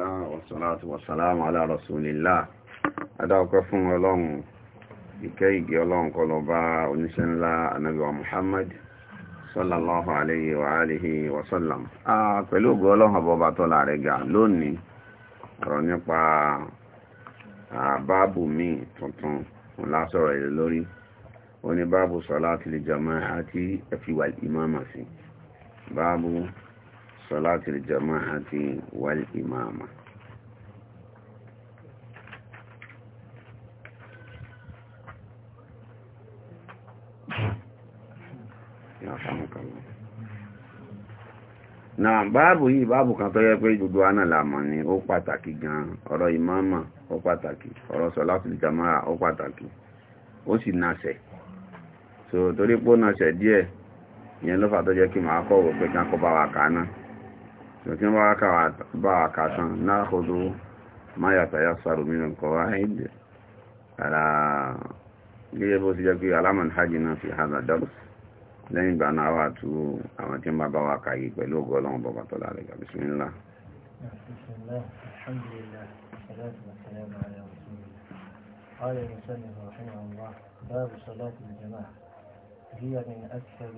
bismillah wa salatu wa salamu ala rasulillah adáwọ̀kọ́ fún ọlọ́run ìkẹ́ ìgẹ́ ọlọ́run kọlọ bá oníṣẹ́ ńlá anábíwa muhammad sallallahu alayhi wa alihi wa sallam a pẹ̀lú ògbó ọlọ́run ọbọba tó láàrẹ ga lónìí ọ̀rọ̀ nípa báàbù mi tuntun lásọ̀rọ̀ ilẹ̀ lórí oní báàbù salatil jama'ati ẹ̀fíwà ìmáàmà sí báàbù صلاة الجماعة والإمامة náà báàbù yìí báàbù kan tó yẹ pé gbogbo aná làmọ̀ ni ó pàtàkì gan ọ̀rọ̀ ìmáàmà ó pàtàkì ọ̀rọ̀ sọ̀láfìlì jamaa ó pàtàkì ó sì so torí pé ó díẹ̀ ìyẹn ló tó jẹ́ kí màá kọ̀wọ̀ pé kí kọ́ لكن باك عشان ناخذ ما يتيسر من القواعد على يجب سيجب على من حاجنا في هذا الدرس لين بأنا واتو أما تنبع بواقعي بلو قولون بابا بسم الله بسم الله الحمد لله والصلاة والسلام على رسول الله قال المسلم رحمه الله باب صلاة الجماعة هي من أكثر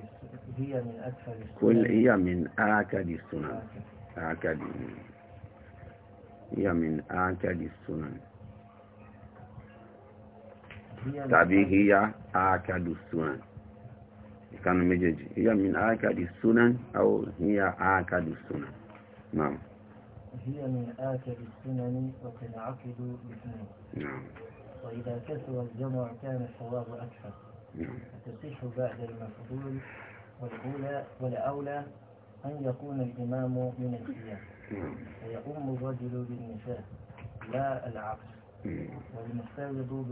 هي من أكثر كل هي من أكثر السنن أكد هي من أكد السنن تابي هي أكد السنن كان مجد هي من أكد السنن أو هي أكد السنن نعم هي من آكد السنن وتنعقد الاثنين. نعم. وإذا كثر الجمع كان الصواب أكثر. نعم. فتصح بعد المفضول والأولى والأولى أن يكون الإمام من الثياب نعم. فيؤم الرجل بالنساء لا العكس نعم. والمستعد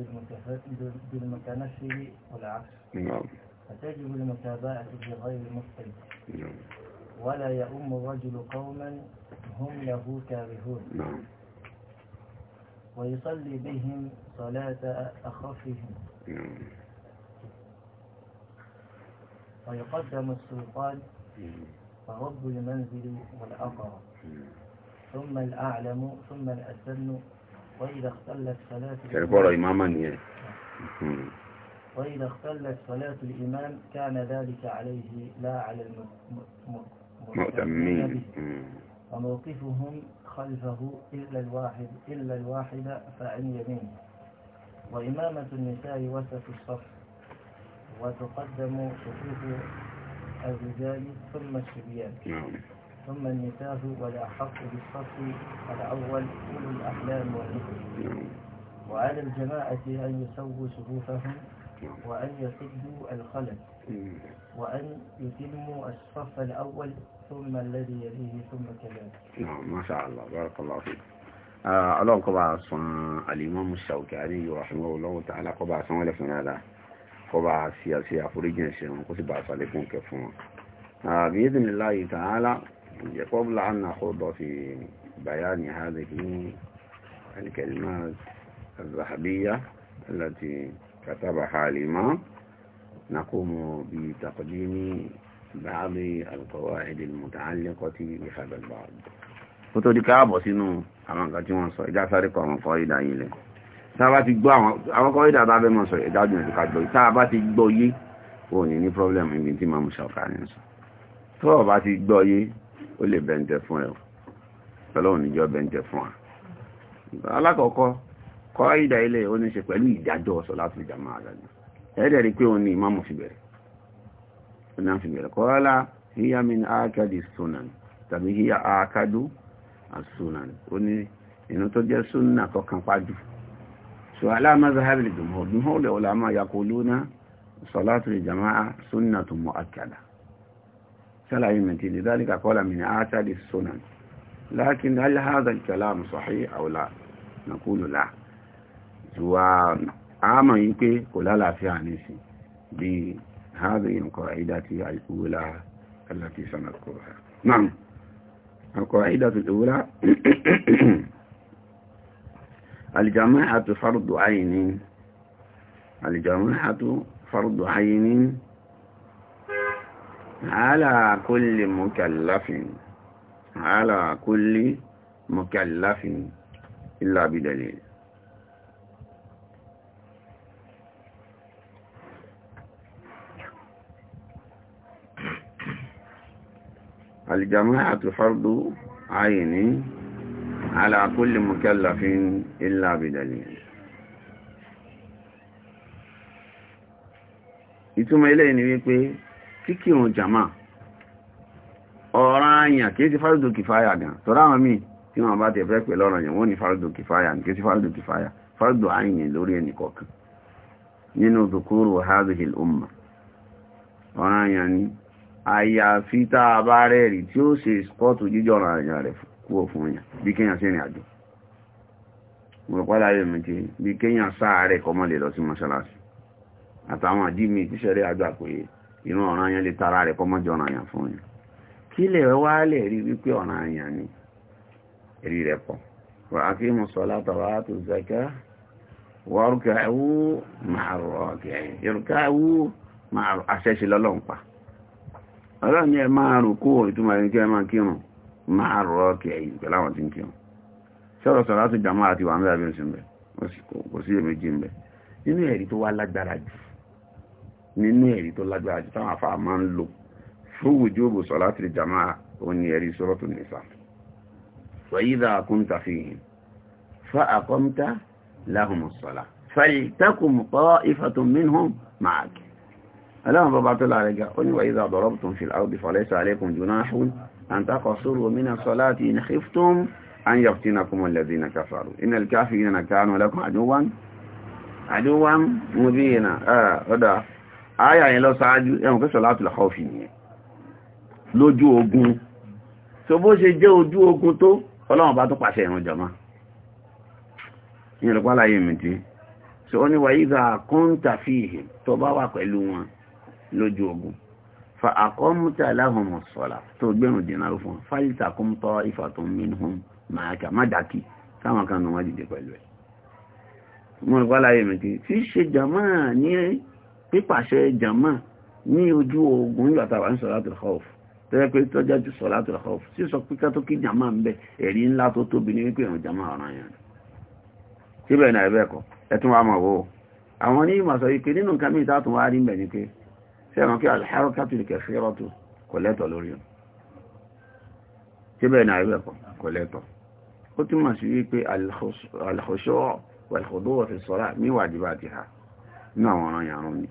بالمتنفر والعكس نعم. فتجب المتابعة لغير المفتد ولا يؤم الرجل قوما هم له كارهون ويصلي بهم صلاة أخفهم ويقدم السلطان فرب المنزل والأقرب ثم الأعلم ثم الأسن وإذا اختلت صلاة الإمام إماما يعني. وإذا اختلت صلاة الإمام كان ذلك عليه لا على المؤتمين وموقفهم خلفه إلا الواحد إلا الواحد فعن يمين وإمامة النساء وسط الصف وتقدم صفوف الرجال ثم الصبيان نعم ثم النساء والأحق بالصف الأول أولو الأحلام والنسل نعم. وعلى الجماعة أن يسووا صفوفهم نعم. وأن يسدوا الخلل وأن يتموا الصف الأول ثم الذي يليه ثم كذلك نعم ما شاء الله بارك الله فيك ọlọ́run آه، قبعة الإمام alìmọ́mù ṣàwùkẹ́ رحمه الله تعالى tààlà kọba sanwọ́lẹ̀ هذا kọba ṣe àforíjì ẹ̀ṣẹ̀ wọn kó sì bá sàlékún kẹ fún wọn bi'idhnillahi ta'ala qabla an nakhuda fi bayani hadhihi al-kalimat al-dhahabiyya allati katabaha al-imam نقوم بتقديم بعض القواعد المتعلقة بهذا الباب. فتو دي كابو سينو اما كاتي وان سو اجا tàbá ti gbọ́ àwọn kọ́ ìdàbà abẹ́ mọ̀ sọ̀rọ̀ ìdájú ẹ̀ ká gbọ́ tàbá ti gbọ́ yé wọ́n ní ní pọ́blẹ́mù ibi tí máa mú ṣàkàní sọ tọ́ọ̀ bá ti gbọ́ yé ó lè bẹ̀ǹtẹ̀ fún ẹ̀ ọlọ́run níjọ́ bẹ̀ǹtẹ̀ fún wa alákọ̀ọ́kọ́ kọ́ ìdà ilẹ̀ ó ní ṣe pẹ̀lú ìdájọ́ ọ̀sọ̀ láti ìjà máa dájú ẹ̀ẹ́dẹ̀ rí pé òun ni ìmáàmù fi bẹ̀rẹ̀ ó náà fi bẹ̀rẹ̀ kọ́ọ́lá híyá min sunan tàbí híyá ákádù àsunan ó ní ìnú وعلى مذهب الجمهور جمهور العلماء يقولون صلاة الجماعة سنة مؤكدة فلا يمتي لذلك قال من آتاد السنن لكن هل هذا الكلام صحيح أو لا نقول لا وعاما يكي قل لا في عنيسي بهذه القاعدة الأولى التي سنذكرها نعم القاعدة الأولى الجماعة فرض عين الجماعة فرض عين على كل مكلف على كل مكلف إلا بدليل الجماعة فرض عين على كل مكلف إلا بدليل ìtumọ̀ ilé ni wípé kíkírun jama ọ̀ràn àyàn kìí sí fárúdù kìfáyà gan tọ́rọ àwọn míì tí wọ́n bá tẹ̀ fẹ́ pẹ̀ lọ́rọ̀ yẹn wọ́n ní fárúdù kìfáyà kìí sí fárúdù kìfáyà fárúdù àyìn lórí ẹnì kọ̀ọ̀kan nínú dhukuru hazihil umma ọ̀ràn wọ̀ fún yàn bí kéèyàn sí ìrìn àjò mọ̀lọ́pàá láyé mi ti bí kéèyàn sáàárẹ̀ kọmọ lè lọ sí mọ́ṣáláṣí àtàwọn àdímì tí ṣẹlẹ̀ àgbà pé inú ọ̀ràn yẹn lè tara rẹ̀ kọmọ jọ ọ̀ràn yẹn fún yàn kí lè wá lè rí wípé ni rí rẹ̀ pọ̀ wà á kí mo sọ látọ̀rọ̀ àtò zaka wà rúkàáwú ọ̀kẹ́ máa rọ̀ kí ẹ̀yìn pẹ̀lú àwọn tí ń kírun ṣọ́rọ̀ sọ̀rọ̀ láti jàmọ́ àti wà ń bẹ̀rẹ̀ bí ń kò sí èméjì ń bẹ̀ nínú ẹ̀rí tó wá lágbára jù nínú ẹ̀rí tó lágbára jù táwọn afá máa ń lò fún wujubu salati jàmọ́ òní ẹ̀rí suratu nisa wa idha kunta fihim fa aqamta tó lára ga ó ní wa idha darabtum fil àǹtakọ̀sọ́rọ̀ òmìnà sọ́láàtì in khiftum an yaftinakum alladhina kafaru innal kafirina kanu lakum àdúwán àdúwán mubina ọ̀dá ayà yẹn lọ sáájú ẹ̀wọ̀n kẹsọ̀ láti lọ haufi nìyẹn lójú ogun tó bó ṣe jẹ́ ojú ogun tó ọlọ́wọ̀n bá tó pàṣẹ ìrùn jọmọ́ ìyẹn lọ́pàá láyé mi tí so ó ní wàyí gà kọ́ńtà fíhìn tó bá wà pẹ̀lú wọn lójú ogun fa àkọ́mútà aláhùnmọ̀ sọ̀lá tó gbẹ̀rùn dènà fún fáyítà kọ́mútọ́ ìfàtún mínhùn máa kà má dákì táwọn kan nù wọ́n dìde pẹ̀lú ẹ̀ mo rò wáláyé mi kí tí ṣe jàmá ní pípàṣẹ jàmá ní ojú ogun nígbà táwa ń sọ̀rọ̀ àtúrò họ́ọ̀f tẹ́lẹ̀ pé tọ́jà ju sọ̀rọ̀ àtúrò họ́ọ̀f sí sọ pé kátó kí jàmá ń bẹ ẹ̀rí ńlá tó tóbi ní wípé ìrùn jàmá ọ̀ràn yẹn síbẹ̀ náà ẹ̀bẹ̀ kọ ẹ̀tún wa mọ̀ wo àwọn onímọ̀ sọ wípé nínú nǹkan mìíràn tó wá rí mbẹ̀ ni pé sẹ́ràn kí alharakatu kẹfẹ́rọ́tù kò lẹ́tọ̀ lórí ọ̀ tí bẹ́ẹ̀ náà rí ẹ̀kọ́ kò lẹ́tọ̀ ó túnmọ̀ sí wípé alhosho wàlhodo wà fi sọ́ra níwájú bá ti ha ní àwọn ọ̀ràn yàrún ni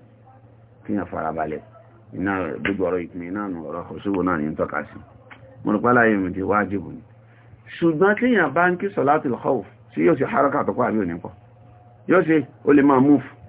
kí yàn farabalẹ̀ iná gbogbo ọ̀rọ̀ ìpínlẹ̀ náà nù ọ̀rọ̀ ọ̀ṣọ́gbò náà ní ń tọ́ka sí mo rò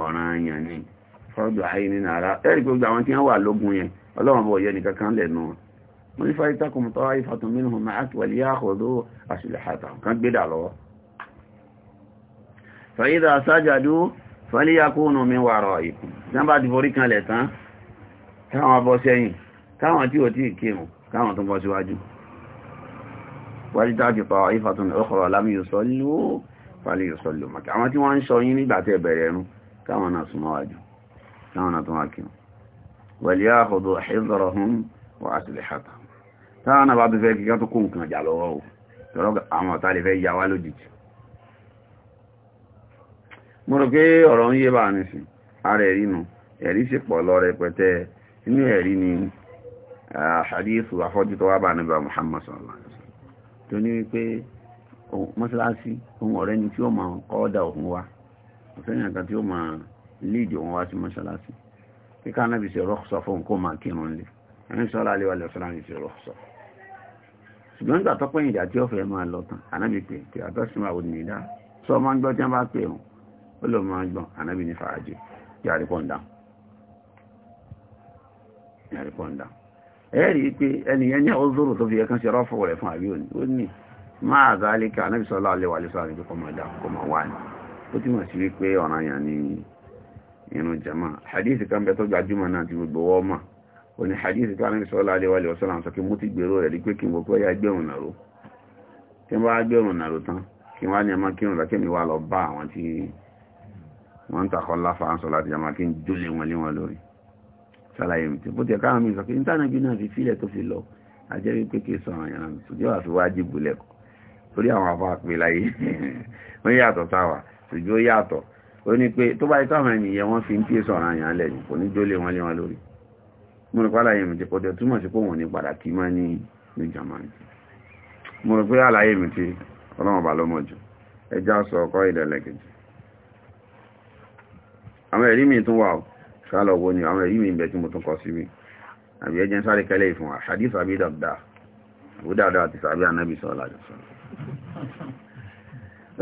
ọ̀ràn àyàn ni fọ́dọ̀ ayé nínú ara ẹ̀rí gbogbo àwọn tí wọ́n wà lógun yẹn ọlọ́run bọ̀ yẹ nìkan kan lẹ́nu wọn wọ́n ní fáyítà kò mọ̀tọ́ ayé fàtún mínú hùn máa kí wàlíyà àkọ́dọ́ àṣìlẹ̀ àtà kan gbé dà lọ́wọ́ fàyídà sájàdú fàlíyà kóònù mi wà rọ̀ ìkù tán bá ti forí kan lẹ̀ ìfàtún ọkọ̀rọ̀ lámì yóò sọ́lú fàlíyà màkà àwọn tí wọ́n ń sọ yín nígbà bẹ̀rẹ̀ ẹnu Kama náà súnmọ́ wájú káwọn náà tó wá kí wọn wẹ̀lẹ́ àkọ́dù ẹ̀dọ̀rọ̀ hún wà á tilẹ̀ ṣàtà táwọn náà bá tó fẹ́ kí ká tó kó nǹkan jà lọ́wọ́ o tọ́rọ àwọn ara ni Muhammad sallallahu alaihi wasallam ọ̀sẹ́yìn àgbà tí ó máa líìdì wọn wá sí mọ́ṣáláṣí kíkà náà bí ṣe rọ́ọ̀sọ fún kó máa kírun lé ẹni sọ́lá alẹ́ wa lè sọ́lá ní ṣe rọ́ọ̀sọ ṣùgbọ́n nígbà tó pẹ́yìn ìjà tí ó fẹ́ máa lọ tán ànábì pé tí àtọ́ sí máa wò ní ìdá sọ máa ń gbọ́ tí wọ́n bá pè wọn ó lọ máa ń gbọ́n ànábì ní fàájì yàrí pọ̀ ń dáhùn ẹ̀rí pé ẹnìyẹn ní ọzọ́rọ̀ tó fi ẹkan sí rọ́fọ̀ rẹ̀ fún àbí òní ó ní máa zálíkà anábìsọ́lá alẹ́wà alẹ́sọ́lá ní kọmọdá kọmọ wà ní ó túmọ̀ sí wípé ọ̀ranyàn ni irun jama hadith kan bẹ tó gbajúmọ̀ náà ti gbogbo wọ́n mọ̀ ó ní hadith kan ní sọ́lá aléwálé ọ̀sọ́lá sọ pé mo ti gbèrò rẹ̀ wípé kí n gbogbo ya gbẹ̀rún nàró tí wọ́n bá gbẹ̀rún nàró tán kí wọ́n á ní ẹmọ kírun lọ kémi wá lọ bá àwọn tí wọ́n ń takọ̀ láfa ń sọ láti jama kí n jólè wọn lé wọn lórí sálàyé mi tí ìjó yàtọ̀ ó ní pé tó bá ikọ́ àwọn ènìyàn wọ́n fi ń pè sọ̀rọ̀ àyàn lẹ̀ ní kò ní jólé wọn lé wọn lórí mo rò pé àlàyé mi ti pọ̀ jẹ́ túmọ̀ sí pé wọ́n ní padà kí má ní ní jamani mo rò pé àlàyé mi ti ọlọ́wọ́n bá lọ́mọ ẹjá sọ ọkọ ìdẹ̀lẹ̀kejì àwọn ẹ̀rí mi tún wà ó ni àwọn ẹ̀rí mi ń bẹ tí mo tún kọ sí mi àbí ẹjẹ́ sáré kẹ́lẹ́ ìfún wa hadith àbí dàbdà àbúdàdà àti sàbí ànábì sọ́ọ́lá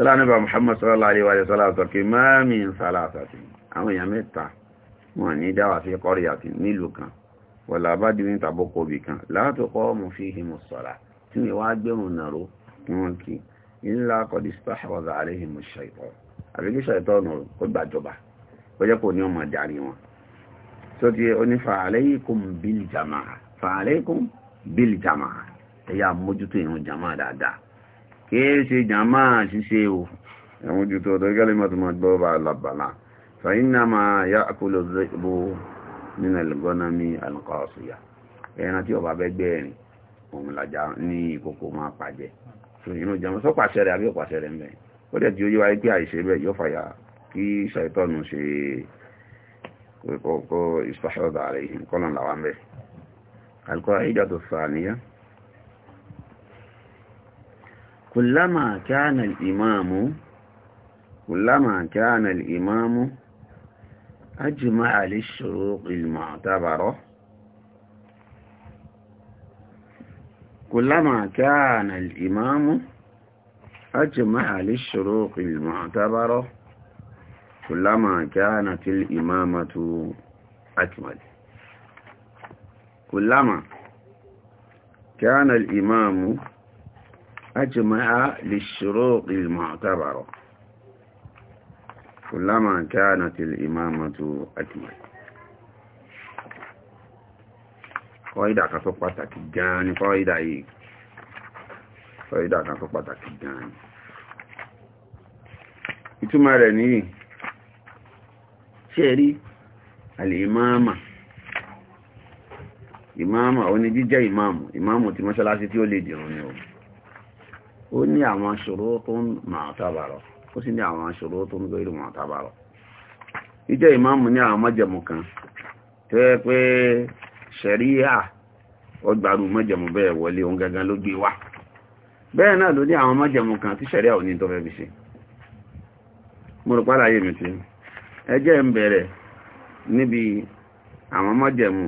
tọ́lá nípa Muhammad sallallahu alaihi wa sallam sọ pé máa mi ń sàlá àtàtì àwọn èèyàn mẹ́ta wọ́n ní dáwà fi kọ́rí àti nílùú kan wọ̀lá bá dìbí tàbọ́kọ̀ bì kan látòkọ́ mú fi himu sọ̀rà tí wọ́n wá gbẹ̀rún nàró kí wọ́n kí ńlá kọ̀dí sáhàwọ̀dà àríhìmù ṣàìtọ́ àbíkí ṣàìtọ́ ọ̀nà ó gbàjọba ó jẹ́ kò ní ọmọ àjárí wọn tó ti ó fàálẹ́yìnkùn bíl jamaà fàálẹ́yìnkùn bíl jamaà kìí ṣe jàmá ṣíṣe o ẹ̀wọ́n jù tó ọ̀dọ̀ gẹ́lẹ́ mọ́tò máa gbọ́ bá labàlá fàyínà máa yá àkólò bó nínú ẹ̀lẹ́gọ́nàmí alùkọ́ọ̀sùyà ẹran tí ọba bẹ́gbẹ́ ẹ̀rìn òun làjá ní ìkókó máa pàjẹ́ tó inú jẹun sọ pàṣẹ rẹ̀ àbí ọ̀pàṣẹ rẹ̀ ń bẹ̀ ó dẹ̀ tí ó yé wa pé àìṣe bẹ́ẹ̀ yóò fàyà kí ṣàìtọ́nù ṣe kó ìṣàṣọ́dà rẹ̀ kọ́lọ̀ làwọn bẹ́ẹ̀ alùkọ́ ìjà tó sàníyàn كلما كان الإمام كلما كان الإمام أجمع للشروق المعتبرة كلما كان الإمام أجمع للشروق المعتبرة كلما كانت الإمامة أكمل كلما كان الإمام أجمع للشروط المعتبرة كلما كانت الإمامة أكمل قايدة كتبتك جاني قايدة إيه قايدة كتبتك جاني ìtumà rẹ̀ ní ṣe rí alìmáàmà ìmáàmà ó ní jíjẹ́ ìmáàmù ìmáàmù ti mọ́ṣálásí tí ó lè dìrùn ni ohun ó ní àwọn shurutun mu'tabara ó sì ní àwọn shurutun ghayru mu'tabara ìjẹ́ ìmáàmù ní àwọn májẹ̀mú kan tó yẹ pé ṣẹ̀ríyà ọgbàrú májẹ̀mú bẹ́ẹ̀ wọlé ohun gangan ló gbé wá bẹ́ẹ̀ náà ló ní àwọn májẹ̀mú kan tí ṣẹ̀ríyà ò ní tó fẹ́ fi ṣe mo rò pàdà yìí mi ti ẹ ń bẹ̀rẹ̀ níbi àwọn májẹ̀mú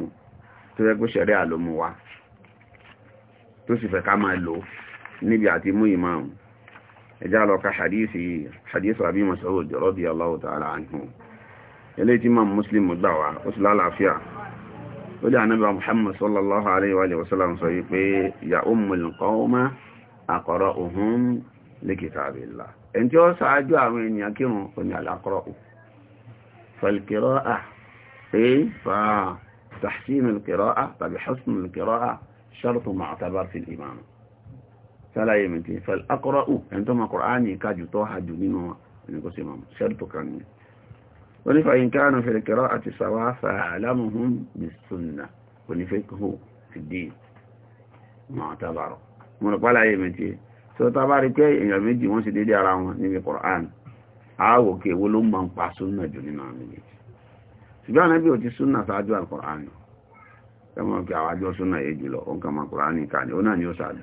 tó yẹ pé ṣẹ̀ríyà ló mú wá نبي عتيمي إمام جعلك حديث حديث أبي مسعود رضي الله تعالى عنه يليت إمام مسلم الدعوة أسلال العافية ودع نبي محمد صلى الله عليه وآله وسلم صحيح يا أم القوم أقرأهم لكتاب الله أنت يوسع جوا من يكيم من الأقرأ فالقراءة إيه فتحسين القراءة فبحسن القراءة شرط معتبر في الإمام sálàyé mi ti fẹ́ akọ́rọ́ ù ẹni tó ma Kùránì kájù tó ha jù nínú wọn ẹni kó sì mọ̀mọ́ ṣẹ́lù tó kàn ní onífàyín káànù fẹ̀rẹ̀ kẹrọ àti sàwà fàálámùhún bí sunna onífẹ́kùhù ti dé máa tábàrọ̀ mo rò pálàyé mi ti tó tábàrí pé èèyàn méjì wọ́n sì dédé ara wọn níbi Kùránì àáwò kí èwo o ti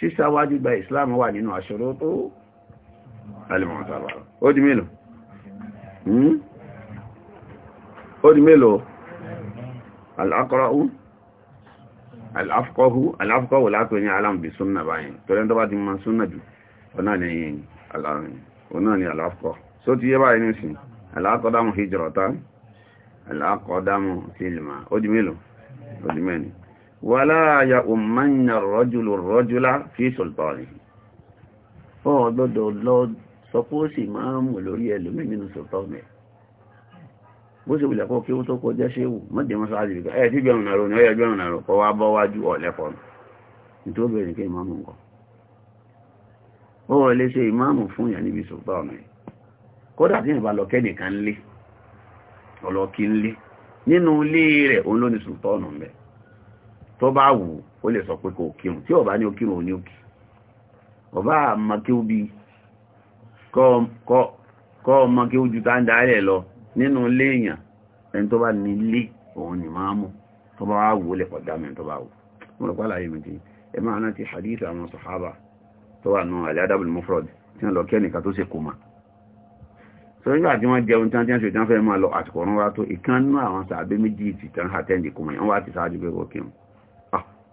sísáwájú gba islam wà nínú aṣọ́rọ́ tó alìmọ̀tàbàrà hmm? ó di mélòó ó di mélòó alákọ́rọ̀hún aláfọ́kọ́hún aláfọ́kọ́hù látò ní alámbì súnnà báyìí torí tó bá ti máa súnnà jù ọ̀nà ni aláfọ́kọ́ só ti yẹ báyìí ní sin alákọ́dámù hijrọ̀ta alákọ́dámù tilma ó di mélòó ó di mẹ́rin wàlá àyà òmìnà rọ́jùlù rọ́jùlá fi sọ̀tọ̀ọ̀lì fún ọgbọ́dọ̀ lọ sọpọ́sì máa mú lórí ẹlòmí nínú sọ̀tọ̀ọ̀lì bó ṣe wùlẹ̀ kọ́ kí ó tó kọ́ jẹ́ ṣéwù mọ́dé mọ́ sáájú ìgbà ẹ̀ tí gbẹ̀rún nàró ni ọ̀yẹ́ gbẹ̀rún nàró kọ́ wá bọ́ wájú ọ̀lẹ́fọ́ nítorí obìnrin kí ìmáàmù nǹkan ó wọ́n lè ṣe ìmáàmù fún ilé rẹ̀ òun ló ní sọ̀tọ̀ọ̀lì mẹ́rin tó bá wù ó lè sọ pé kò kírun tí ó bá ní ó kírun ò ní ó kí ọba àmọ́ kí ó bí kọ́ ọmọ kí ó ju tá ń daálẹ̀ lọ nínú ilé èèyàn ẹni tó bá ní ilé òun ni máa mú tó bá wù ó lè pọ̀ dá tó bá wù mo rẹ̀ pàlàyé mi ti ẹ máa náà ti hadith àwọn sàhábà tó wà nù al-Adab tí wọ́n lọ kẹ́ nìkan tó ṣe kò máa so nígbà tí wọ́n jẹun tán tí wọ́n ṣe tán fẹ́ máa lọ àsìkò ọ̀run wa tó ìkan nínú àwọn sàbẹ́ méjì ti tán àtẹ́ǹdì kò mọ̀ wọ́n wá ti ṣáájú pé kò kí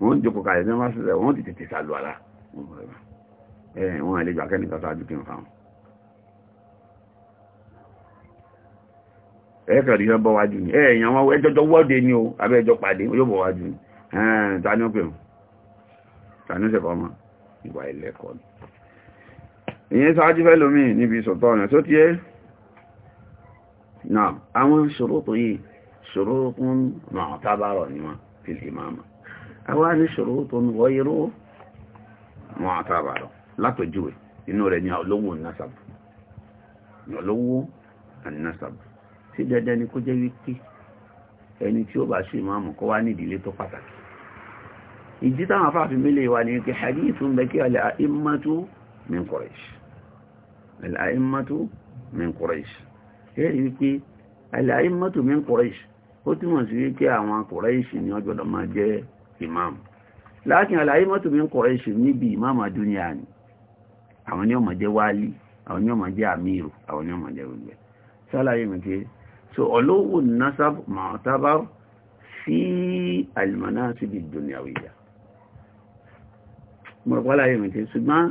wọ́n jókòó kalẹ̀ ní wọ́n sílẹ̀ wọ́n ti tètè sàlù àlá wọ́n àlejò akẹ́nìkan sáájú kí n fa wọn ẹ̀ẹ́kẹ̀rì yọ bọ́ wájú ní ẹ̀yàn wọn ẹjọ́jọ́ wọ́de ní o abẹ́ẹjọ́ pàdé yóò bọ̀ wájú ní tani ó pèrún tani ó sẹ̀kọ́ fi lè àwa ní shurutun ghayru mu'tabara látọ̀júwe inú rẹ̀ ní olówó nasabu ní olówó nasabu sí dandan ni kó jẹ́ wípé ẹni tí ó bá ṣe ìmáàmù kó wá ní ìdílé tó pàtàkì ìdí táwọn afáàfin mílẹ̀ wà ní kí hadith ń bẹ kí al-a'immatu min Quraysh ó túmọ̀ sí wípé àwọn Quraysh ni ó máa jẹ́ ìmáàmù láàkín àlàyé mọ́tò mi ń kọ̀ ẹ̀ṣù níbi ìmáàmù àdúnyà ni àwọn ni ọmọ jẹ́ wálí àwọn ni ọmọ jẹ́ àmírù àwọn ni ọmọ jẹ́ gbogbo sálàyé mi so olówó nasab mọ̀tábà sí almanasibi dunyawiyya mọ̀ pálàyé mi ti ṣùgbọ́n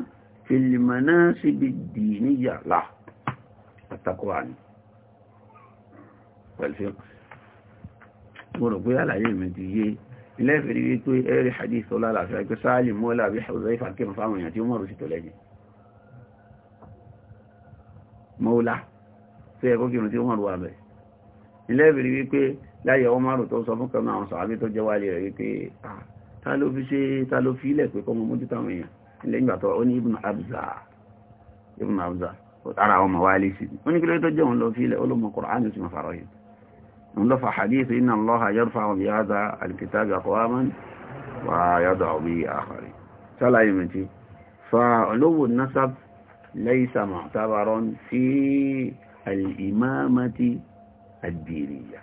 fìlìmanasibi dìníyà là àtàkùwà ni pẹ̀lú mo rò pé àlàyé mi yé ilẹ́fẹ̀ẹ́ rí pé ẹ̀rẹ́ hadith ọlá àlàáfíà pé sáàlì mọ́lá àbí ṣàwùzẹ́ ìfàkírùn fáwọn èèyàn tí ó mọ̀rún sí tó lẹ́yìn mọ́lá tí ẹ̀kọ́ kírùn tí ó mọ̀rún wà bẹ̀ ilẹ́fẹ̀ẹ́ rí pé láyé ọmọ márùn tó sọ fún kan àwọn sàábí tó jẹ́ wálé rẹ̀ wípé ta ló fi ṣe ta ló fi ilẹ̀ pé kọ́mọ mójú táwọn èèyàn lẹ́yìn نضف حديث إن الله يرفع بهذا الكتاب أقواما ويضع به آخرين سلامتي فعلو النسب ليس معتبرا في الإمامة الدينية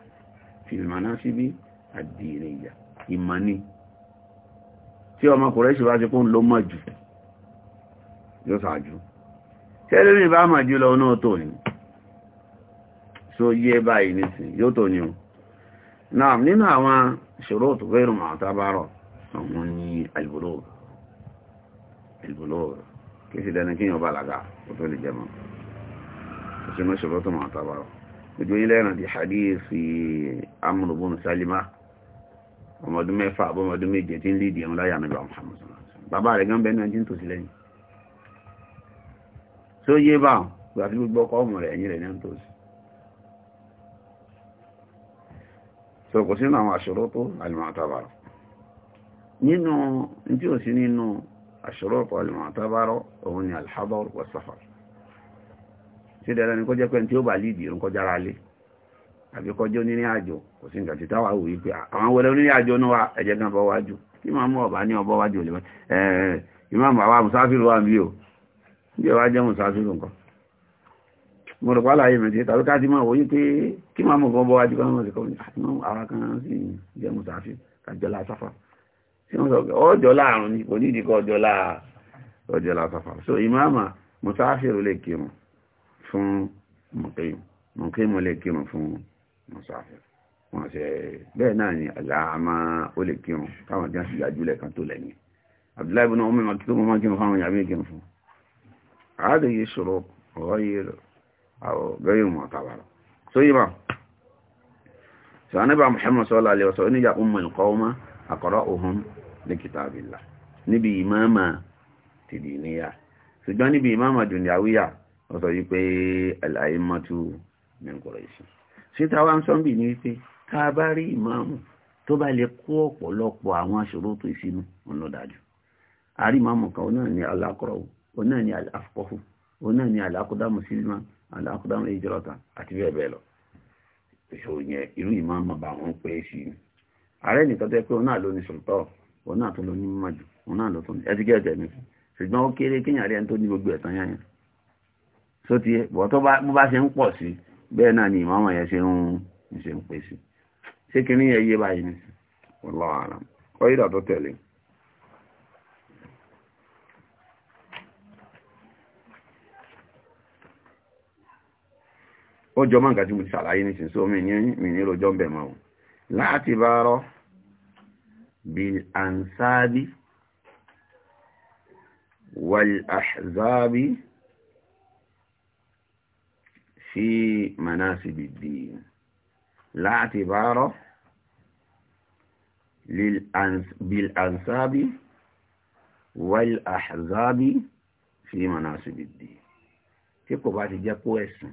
في المناسب الدينية إماني tí ọmọ kùrẹ́ṣì bá سوى ما قريش بعد يكون لو lo yóò sáájú بقى saaju لو bá tó yé báyìí nìsìn yóò tó ní o náà nínú àwọn ṣòro tó fẹ́rù màá tábárọ̀ àwọn ní alìbòlóòrò alìbòlóòrò kí sì dẹni kí yàn bá làgà kó tó lè jẹ mọ́ òṣìṣẹ́ ṣòro tó màá tábárọ̀ ojú ilẹ̀ ìrìn àti hadithi amúrùbùn sálímá ọmọdún mẹ́fà àbọ́mọdún méje tí ń lè dìyàn láyà nígbà Muhammad bàbá rẹ̀ gan bẹ́ẹ̀ náà jí tó yé so kò sínú àwọn àṣòrótó alìmọ̀tàbárọ̀ nínú tí ó sí nínú àṣòrótó alìmọ̀tàbárọ̀ òun ni alhadar wa safar sí dẹ̀rẹ́ ni kó jẹ́ pé tí ó bá lìdì ìrún kọjá ara lé àbí kọjá onírìn àjò kò sí nǹkan títà wà wù wípé àwọn wẹ̀rẹ̀ onírìn àjò náà ẹ̀jẹ̀ gan bọ́ kí máa mú ọ̀bá ní ọbọ̀ wájú olè ìmáàmù àwa mùsáfìrù wà ń bí o bí ọwá jẹ́ mùsáfìrù nǹkan mo rọ̀ pàlàyé mẹ́tí tàbí ká ti máa wòye pé kí máa mọ̀ kan bọ́ wájú kan mọ̀síkọ́ ní àwọn kan sí jẹ́ mùsàáfí kàjọlá sáfà tí wọ́n sọ pé ọjọ́ láàrùn ni kò ní ìdíkọ́ ọjọ́ lásáfà so ìmáàmà mùsàáfí rò lè kírun fún mùkéyìn mùkéyìn lè kírun fún mùsàáfí wọ́n ṣe bẹ́ẹ̀ náà ni àlàámá ó lè kírun káwọn jẹ́ sì yájúlẹ̀ kan tó lẹ́yìn Abdullahi bin Umar kí tó mọ́ أو غير معتبر سيما سأنبع محمد صلى الله عليه وسلم يا أم القوم أقرأهم لكتاب الله نبي إماما تدينية سجان نبي إماما دنيوية وصيب الأئمة من قريش سيتاوان سنبي نيتي kábárí ìmáàmù tó bá lè kó ọ̀pọ̀lọpọ̀ àwọn aṣòro tó ìsinú ọ̀nà dájú àrí ìmáàmù kan ó náà ní alákọ̀ọ́wò ó náà ní aláfọ́fù ó náà ní alákọ̀dámù sílímà and akudam ejirota àti bẹ́ẹ̀ bẹ́ẹ̀ lọ ìṣòro yẹn irú ìmọ̀ iru bá wọn pé sí i ààrẹ nìkan tó yẹ pé òun náà lọ ó kéré rí ẹni tó ní gbogbo yẹn bá ṣe ń pọ̀ sí bẹ́ẹ̀ náà ni ìmọ̀ àwọn yẹn ṣe ń ṣe ń pè ṣé kí ni yẹn yé ó jọ máa ń kàtí mo ti ṣàlàyé ní sísọ mi ní ìnira ọjọ́ ń bẹ̀ mọ́ o láti bá rọ bil ansabi wal ahzabi fi manasibi láti bá rọ bil ansabi wal ahzabi fi manasibi tí kò bá ti jẹ́ kó ẹ̀sìn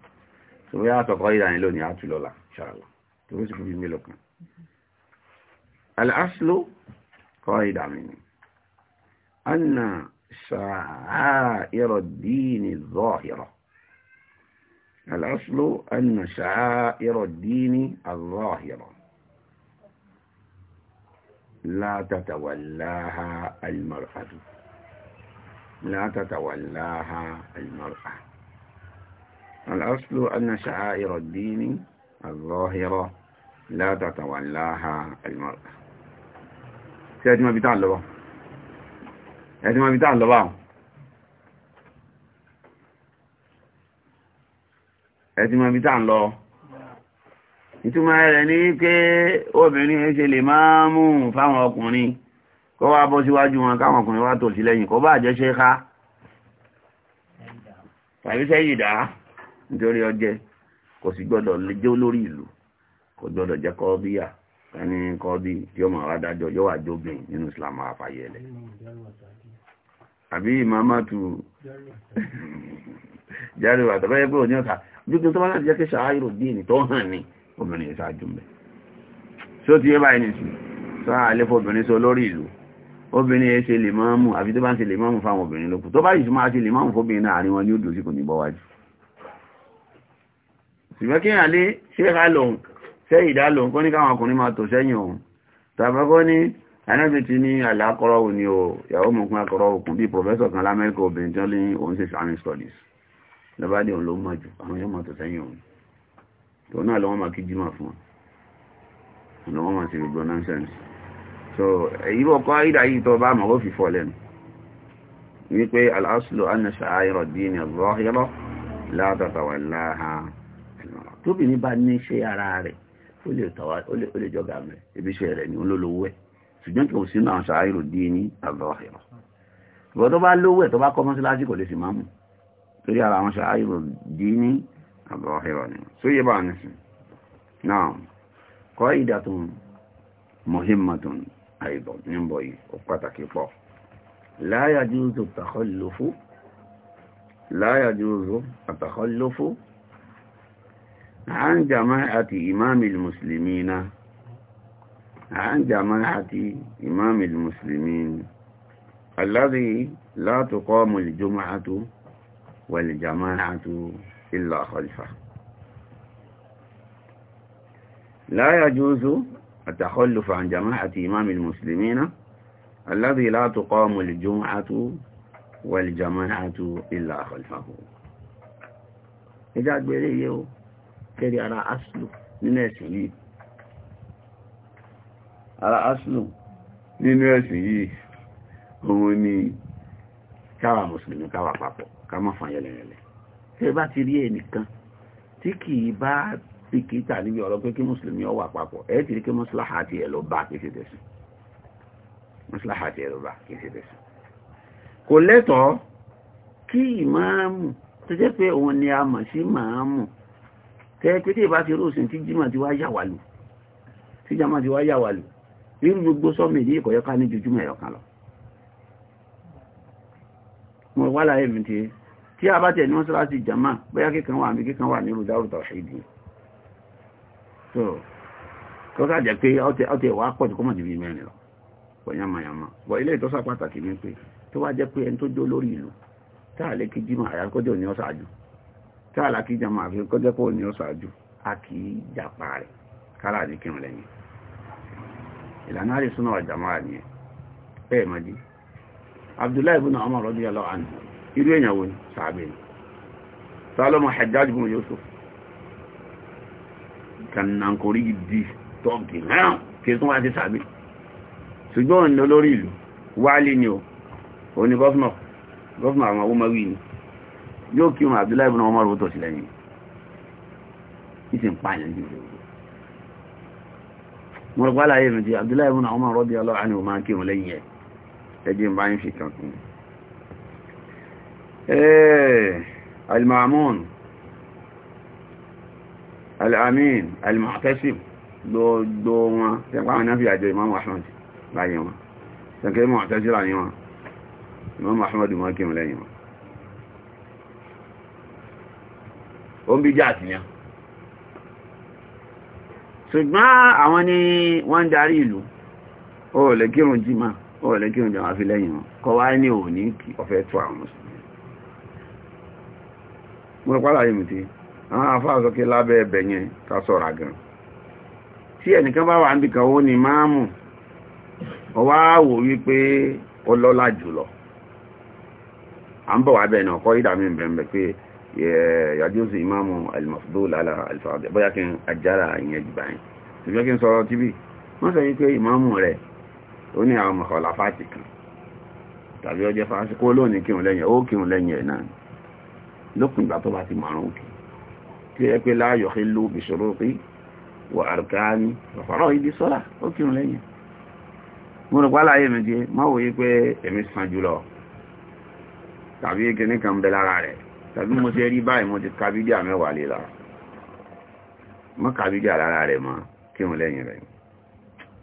sọ̀rọ̀ yà àtọ̀kọ́ ìdá yẹn lónìí àti lọ́la ṣàlọ́ tó ó sì fún bí mélòó kan aláṣìlò kọ́ ìdá mi ni anna ṣàáìrọ̀ díìnì zọ́ọ̀hìrọ̀ aláṣìlò anna ṣàáìrọ̀ díìnì zọ́ọ̀hìrọ̀ لا تتولاها المرأة لا تتولاها المرأة الأصل أن شعائر الدين الظاهرة لا تتولاها المرأة سيادي ما بيتعلى بقى سيادي ما بيتعلى بقى ẹ̀tí ma bí tà ń lọ ìtumọ̀ rẹ̀ ní pé obìnrin ṣe lè máa mú fáwọn ọkùnrin kó wá bọ́ síwájú wọn káwọn ọkùnrin wá tò sí lẹ́yìn kó bá jẹ́ ṣe ká tàbí sẹ́yìn dáa nítorí ọjẹ́ kò sì gbọ́dọ̀ jẹ́ olórí ìlú kò gbọ́dọ̀ jẹ́ kọ́bíyà ẹni kọ́bí tí ó máa wá dájọ́ yóò wá jóbìn nínú Islam àfàyẹ̀lẹ̀ àbí ìmáàmàtù jáde wà tọ́bẹ́ pé òní ọ̀ta jókòó tó bá láti jẹ́ kí ṣàáyò díìnì tó hàn ní obìnrin ìṣáájú mẹ́ só ti yé báyìí nìsí sọ àlefo obìnrin sọ lórí ìlú obìnrin ẹ ṣe lè máàmù àbí tó bá ń ṣe lè máàmù fáwọn obìnrin lókù tó bá yìí tó máa ṣe lè máàmù fóbìnrin náà àárín wọn ní ó dùn sí kò ní bọ́wájú ṣùgbọ́n kí èèyàn lé ṣéhà lòun ṣé ìdá lòun kọ́ ní káwọn ọkùnrin máa tò sẹ́yìn òun tàbákọ́ ní anábìtì ní àlàkọ́rọ̀ òun ni ìyàwó mọ̀kún akọ́rọ̀ òkun bíi pòfẹ́sọ̀ kan lamẹ́ríkà obìnrin tí wọ́n lé òun ṣe islamic studies lọ́bàdé òun so èyí bọ̀ kọ́ ìdá yìí tó bá mọ̀ ó fi fọ́ lẹ́nu wípé al-aslu anna sha'aira ad-din adh-dhahira la tóbìnrin bá ní ṣe ara rẹ̀ ó lè tọ́wá ó lè jọ gàmẹ̀ ibi ṣe rẹ̀ ní olólówó ẹ̀ ṣùgbọ́n kí o sínú àwọn ṣàáyìrò dín ní àlọ́ọ̀hìrò ìbọn tó bá lówó ẹ̀ tó bá kọ́ mọ́ sí lásìkò lè sì máa mú torí ara àwọn ṣàáyìrò dín ní àlọ́ọ̀hìrò ni tó yẹ bá ní sìn náà kọ́ ìdàtún mọ̀hímmatún àìbọ̀ níbọ̀ yìí ó pàtàkì pọ̀ láyàjúzò àtàkọ́lófó عن جماعة إمام المسلمين عن جماعة إمام المسلمين الذي لا تقام الجمعة والجماعة إلا خلفه لا يجوز التخلف عن جماعة إمام المسلمين الذي لا تقام الجمعة والجماعة إلا خلفه إذا أتبعي kẹrì ara aslu nínú ẹ̀sìn yìí ara aslu nínú ẹ̀sìn yìí òun ni káwà mùsùlùmí káwà papọ̀ ká má fà yẹlẹ̀yẹlẹ̀ tí ẹ bá ti rí ẹnìkan tí kì í bá bìkítà níbi ọ̀rọ̀ pé kí mùsùlùmí ó wà papọ̀ ẹ ti rí kí mọ́síláhà àti ẹ̀ lọ bá kì ṣe tẹ̀sùn kò lẹ́tọ̀ọ́ kí ìmáàmù tó jẹ́ pé òun ni a mọ̀ sí màámù tẹ́ẹ̀pẹ́tẹ́ ìbá ti rúùsìn tí jímọ̀ ti wá yàwà lù tí jama ti wá yàwà lù irú gbogbo sọ́mì ní ìkọ̀yọ́ká ní jojúmọ̀ ẹ̀yọ̀kan lọ mo wá láyé mi tí tí a bá tẹ̀ ní wọ́n sọ́lá sí jama bóyá kíkan wà mí kíkan wà ní ìlú dárúta ṣèdí so tó ká jẹ́ pé ọtẹ̀ wà káàlá kí jama àfi kọjẹ́ pọ̀ ní ọ̀sàájú a kì í jàpa rẹ̀ káàlá ní kírun lẹ́yìn ìlànà àrí súnà ọ̀jàmọ́ àníyàn bẹ́ẹ̀ mọ́dí Abdullahi ibn Umar radiyallahu anhu irú èèyàn wo ni sàábẹ̀ ni Salomon Hajjaj ibn Yusuf kannankori di tọ́ọ̀kì náà kí tún wá sí sàábẹ̀ ṣùgbọ́n ní olórí ìlú wálé ni o òní gọ́fúnà gọ́fúnà àwọn ọmọ ni yóò kírun Abdullahi ibn Umar rò tọ̀sí lẹ́yìn ìsìn pààyàn jù mo rọ̀ pàlàyé mi ti Abdullahi ibn Umar radiyallahu anhu máa kírun lẹ́yìn ẹ̀ ẹjẹ́ ń bá ń fi kankun al-Ma'mun al-Amin al-Mu'tasim gbogbo wọn tẹ́pá wọn náà fi àjọ Imam Ahmad láyé wọn tẹ́kẹ́ Mu'tasila ní wọn Imam Ahmad máa kírun lẹ́yìn wọn ó ń bí jà sí yẹn ṣùgbọ́n àwọn ni wọ́n ń darí ìlú ó lè kírun jímà ó lè kírun jàmà fi lẹ́yìn wọn kọ wá ní òní ọ̀fẹ́ tó àwọn mùsùlùmí mo rọpá láyé mi ti àwọn afáàsọ́kẹ́ lábẹ́ ẹbẹ̀ yẹn ká sọ̀rọ̀ àgàn tí ẹnìkan bá wà níbi kan ó ní máàmù ọwá wò wípé ọlọ́lá jùlọ à ń bọ̀ wá bẹ́ẹ̀ náà kọ́ ìdàmí ìbẹ̀m̀bẹ̀ pé yàjúsù imáàmù al-mafdul ala al-fadil bóyá kí n ajára ìyẹn jùbá yìí ṣùgbọ́n kí n sọ̀rọ̀ tíbí wọ́n sọ wípé ìmáàmù rẹ̀ ó ní àwọn mọ̀kànlá fáàtì kan tàbí ọjọ́ fáàtì kó lóòní kírun lẹ́yìn ó kírun lẹ́yìn ẹ̀ náà lókùn ìgbà tó bá ti márùn ún kí ẹ pé láàyò hílù bìṣòro pé wà àrùkáání ọ̀fọ̀rọ̀ tàbí kíní kan bẹ rẹ̀ tàbí mo ṣe rí báyìí mo ti ka bídíà mẹ́wàá lè lára mọ́ ka bídíà lára rẹ̀ mọ́ kí wọ́n lẹ́yìn rẹ̀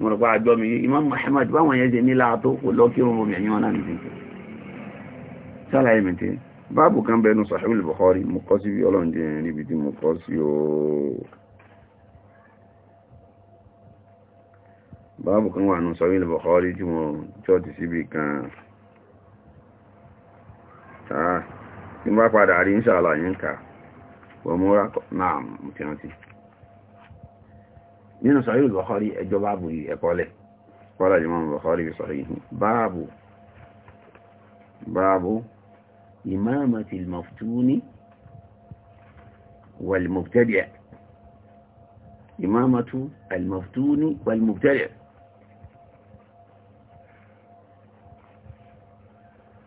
mo rọ̀ pa àjọ mi Imam Muhammad báwọn yẹn ṣe nílá tó kò lọ kí wọ́n mẹ̀yìn wọn náà nìyí Bukhari mo kọ́ sí bí ọlọ́run jẹ́ níbi tí mo Bukhari tí mo chọ́ọ̀tì ah tí bá padà rí ń ṣàlà yín ká wọ̀múra náà mú ti rántí nínú sọ̀rọ̀ Bukhari ẹjọ́ báàbù ẹ̀kọ́lẹ̀ kọ́lá Imam Bukhari sọ̀rọ̀ yìí báàbù báàbù imamati al-maftuni wal-mubtadi' imamatu al-maftuni wal-mubtadi'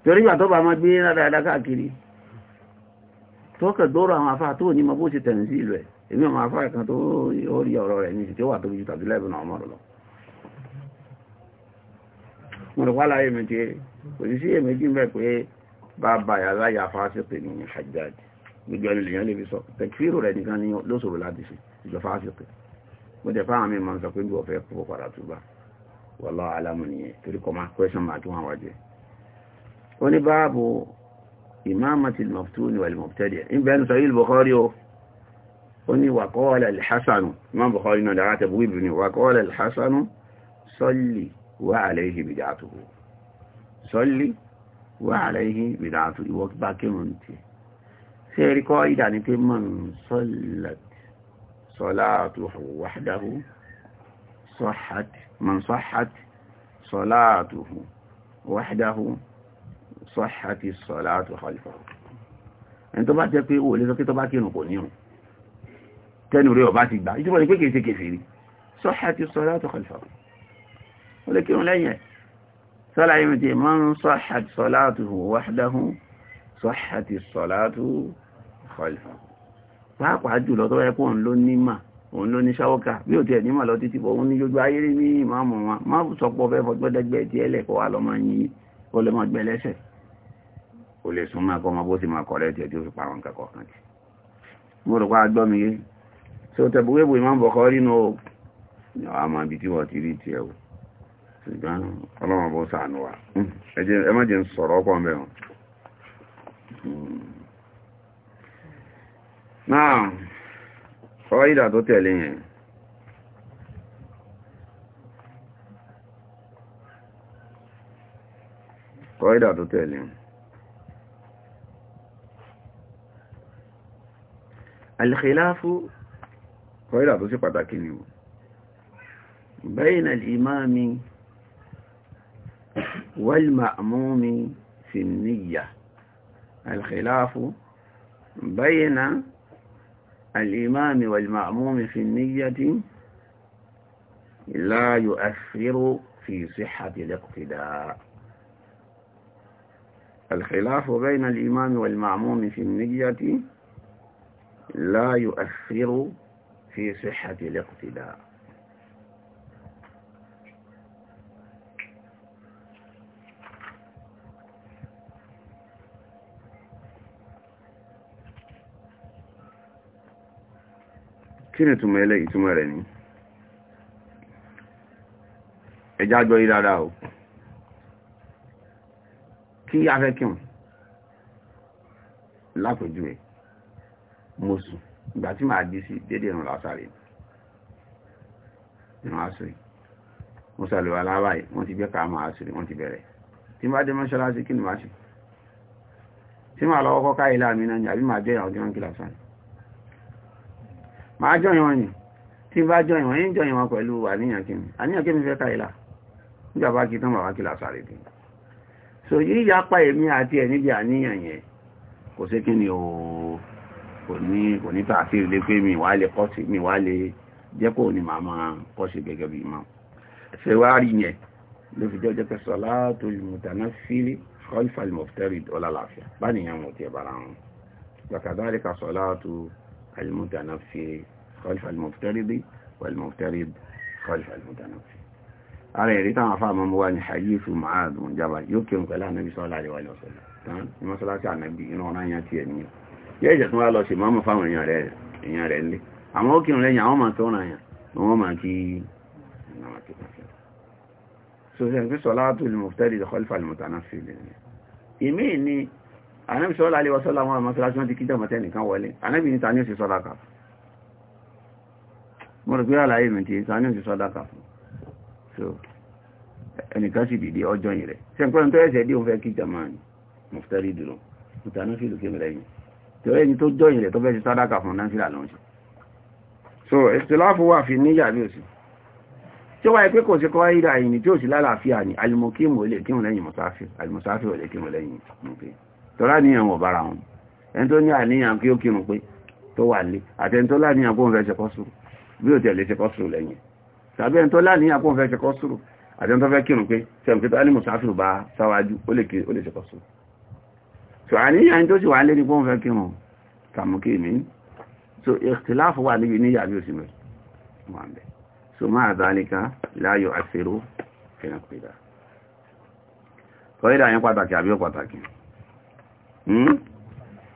torí gbà tó bá máa gbé rádàdà káàkiri tọ́kẹ̀ gbọ́rọ̀ àwọn afá tó ní ma bó ṣe tẹ̀yìn sí ìlú ẹ̀ èmi àwọn afá kan tó rí ọ̀rọ̀ rẹ̀ ní ìsìnkú wà tó ju tàbí lẹ́bùn àwọn ọmọdé lọ mo lè wá láyé mi tí kò sí sí èméjì ń bẹ̀ pé bàbá yàrá yà fá sí pé ní Hajjaj gbogbo ẹni lèyàn lè fi sọ tẹkfíìrù jẹ fáwọn mi sọ pé bí ọ̀fẹ́ púpọ̀ padà túbà wallahu alamu torí kọ́ máa question mark wọn wájẹ ó ní báàbò إمامة المفتون والمبتدع إن بين صحيح البخاري أني وقال الحسن إمام بخاري ندعى تبويب ابني وقال الحسن صلي وعليه بدعته صلي وعليه بدعته وقبع إيوه منت سيري قائد يعني من صلت صلاته وحده صحت من صحت صلاته وحده sọ́hàtì sọ̀lá àti ọ̀fàlìfà ẹni tó bá jẹ́ pé òòlé sọ pé tó bá kírun kò níhùn tẹ́nu rẹ̀ ọba ti gbà ìjọba ni pé kìí ṣe kèfèrí sọ́hàtì sọ̀lá àti ọ̀fàlìfà ó lè kírun lẹ́yìn ẹ̀ sọ́lá yìí ti máa ń sọ́hàtì sọ̀lá àti wàhdáhùn sọ́hàtì sọ̀lá àti ọ̀fàlìfà pàápàá jùlọ tó yẹ kó òun ló ní mà òun ló bí ò tí ní mà títí bọ̀ òun ní gbogbo ayé ní ìmáàmù wọn má sọpọ̀ fẹ́ fọgbọ́dẹ́gbẹ́ tí ẹlẹ́kọ̀ọ́ wa lọ́mọ yín kó lè mọ̀ gbẹ́lẹ́sẹ̀ kò lè sún máa kọ́ ọmọ bó sì máa kọ̀rẹ́ tiẹ̀ tí ó fi pa àwọn nǹkan rò a gbọ́ mi yé so tẹ̀bùwébù ìmọ̀ bọ̀kọ́ rínú o àwọn àmà ibi tí wọ́n ti rí tiẹ̀ o ṣùgbọ́n ọlọ́wọ́n bó sànù wa hmm. ẹ má jẹ́ ń sọ̀rọ̀ ọkọ̀ mẹ́ o hmm. náà ọ̀rọ̀ ìdà tó tẹ̀lé yẹn ọ̀rọ̀ ìdà tó tẹ̀lé yẹn الخلاف kọ́ìlà tó sí pàtàkì ni o bẹ́yìn alìmáàmì wàlmàmúmi بين الإمام والمأموم في النية لا يؤثر في صحة الاقتداء الخلاف بين الإمام والمعموم في النية لا يؤثر في صحة الاقتداء kíni túnmọ̀ ilé ìtumọ̀ rẹ̀ ni ẹjá gbọ́ yí dáadáa o kí afẹ́kíun lápẹjú ẹ̀ mo sùn ìgbà tí màá di sí dédé ìrùn lásàrí ìrùn àṣírí mo sàlùwà láwàáyé wọ́n ti gbé ká máa àṣírí wọ́n ti bẹ̀rẹ̀ tí bá dé mọ́ṣáláṣí kí ni máa ṣe tí màá lọ́wọ́ kọ́ká ilé àmì náà ni àbí màá jẹ́ ìrànjẹ́ wọn kí lásán máa jọ ìwọ̀n yìí tí bá jọ ìwọ̀n yìí jọ ìwọ̀n pẹ̀lú àníyàn kí ni àníyàn kí ni fẹ́ ká ilá nígbà bá kí tán bàbá kí lásàrí kí ni so yíyapa èmi àti ẹ̀ níbi àníyàn yẹn kò sí kí ni ooo kò ní kò ní tààfíì lé pé mi wàá lè kọ́sì mi wàá lè jẹ́ kó ní màá máa kọ́sì gẹ́gẹ́ bí imam ṣe wá rí yẹn ló fi jẹ́ pé salatul mutanaffil khalfal muftarid ọ̀la làáfíà báyìí wọn ti bára wọn wakadhalika salatu al-mutanaffil khalfal muftaridi wal muftarid khalfal mutanaffil ara ẹ̀rí táwọn afáàmọ́ mọ́ wá ní hadithu Mu'adh bin Jabal yóò kírun pẹ̀lú ànábì sallallahu alaihi wa sallam tán yẹ́ ìjẹ̀ tún wá lọ ṣe máa mọ̀ fáwọn èèyàn rẹ̀ èèyàn rẹ̀ nílé àwọn òkìrùn lẹ́yìn àwọn máa tọ́rọ àyàn wọ́n máa kí mo rò pé àlàyé mi tí ìta ní òṣìṣẹ́ sọ́dáka fún so ẹnìkan sì dìde ọjọ́ yìí rẹ̀ ṣe ń pẹ́ ń tọ́ ẹ̀ṣẹ̀ dí òun fẹ́ kí jama ní mọ̀fẹ́rí dùn mọ̀tánúfìlù kí mi lẹ́yìn tẹ́rẹ́ ẹni tó jọ ìrẹ̀ tó fẹ́ ṣe sàdákà fún náfílà lọ́n ṣe so ìsìláàfù wà fi níyà ní òsì tí ó wáyé pé kò sí kọ́ ìdá ìní tí ó sì lálàáfíà ní alimokimu olè kírun lẹ́yìn musafir alimusafi olè kírun lẹ́yìn nípe tọ́lá ní ẹ̀wọ̀n bára wọn ẹni tó ní àníyàn kí ó kírun pé tó wà lé àti ẹni tó láníyàn kó ń fẹ́ ṣe kọ́sùrù bí ó tẹ̀ lè ṣe kọ́sùrù lẹ́yìn tàbí ẹni tó láníyàn kó ń fẹ́ ṣe kọ́sùrù àti ẹni tó fẹ́ kírun pé sẹ́mi pé tó alimusafi bá sáwájú ó lè ṣe kọ́sùrù so àníyàn tó sì wà lérí pọ́n fẹ́ kírun kàmùkì mi so ìtìláfù wà níbi níyà bí òsì mẹ́rin wà ń bẹ̀ so máa dálíká láyò àṣírò fẹ́ràn pẹ̀lá kọ́ídà yẹn pàtàkì àbí pàtàkì hmm?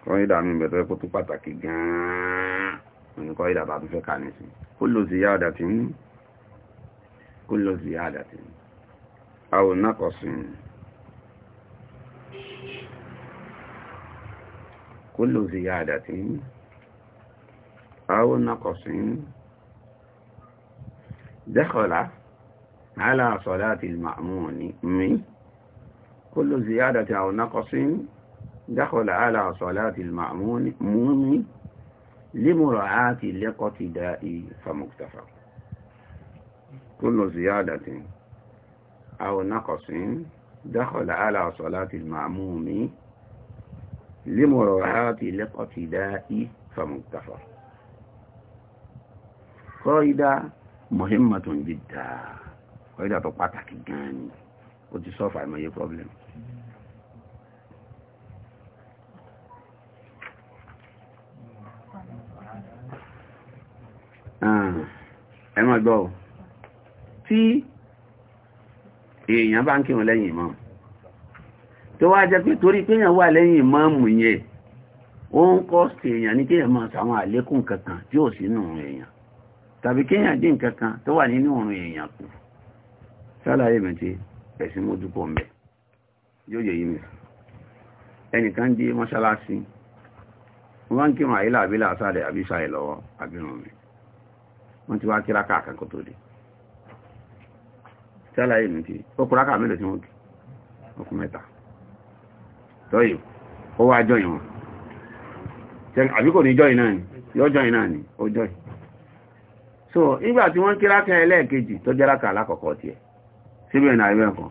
kọ́ídà mi bẹ̀tọ́ ẹkùn tó pàtàkì gan-an ní kọ́ídà bá tún fẹ́ ká ní sí kullu ziyadatin kullu ziyadatin aw naqsin كل زيادة أو نقص دخل على صلاة المأمون كل زيادة أو نقص دخل على صلاة المأمون لمراعاة الاقتداء فمكتفى كل زيادة أو نقص دخل على صلاة المأموم لمراعاة الاقتداء فمنتفر قاعدة مهمة جدا قاعدة تقاطعك الجاني وتصرف على ما هي problem ẹ máa gbọ́ tí èèyàn bá ń kírun lẹ́yìn ìmáàmù tó wá jẹ́ pé torí péyàn wà lẹ́yìn ìmáàmù yẹn ó ń kọ́sì èèyàn ní kéèyàn máa sàwọn àlékún kankan tí ò sínú èèyàn tàbí kéèyàn dín kankan tó wà nínú òrùn èèyàn kù sálàyé mi ti ẹ̀sìn mójúpọ̀ mẹ́ yóò yẹ yìí mi ẹnìkan dé mọ́ṣáláṣí wọ́n ń kírun àyílà àbílà àsáàdẹ̀ àbíṣà ẹ̀ lọ́wọ́ àbírùn mi wọ́n ti wá kí rákà tó dé sálàyé mi ti ó kú mélòó tí wọ́n kí ó mẹ́ta tọ́yì ó wá jọyìn wọn àbí kò ní jọyìn náà ni yóò jọyìn náà ni ó jọyìn so nígbà tí wọ́n kí rákà ẹlẹ́ẹ̀kejì tó jẹ́ rákà alákọ̀ọ́kọ́ tiẹ̀ síbẹ̀ náà ẹgbẹ́ kan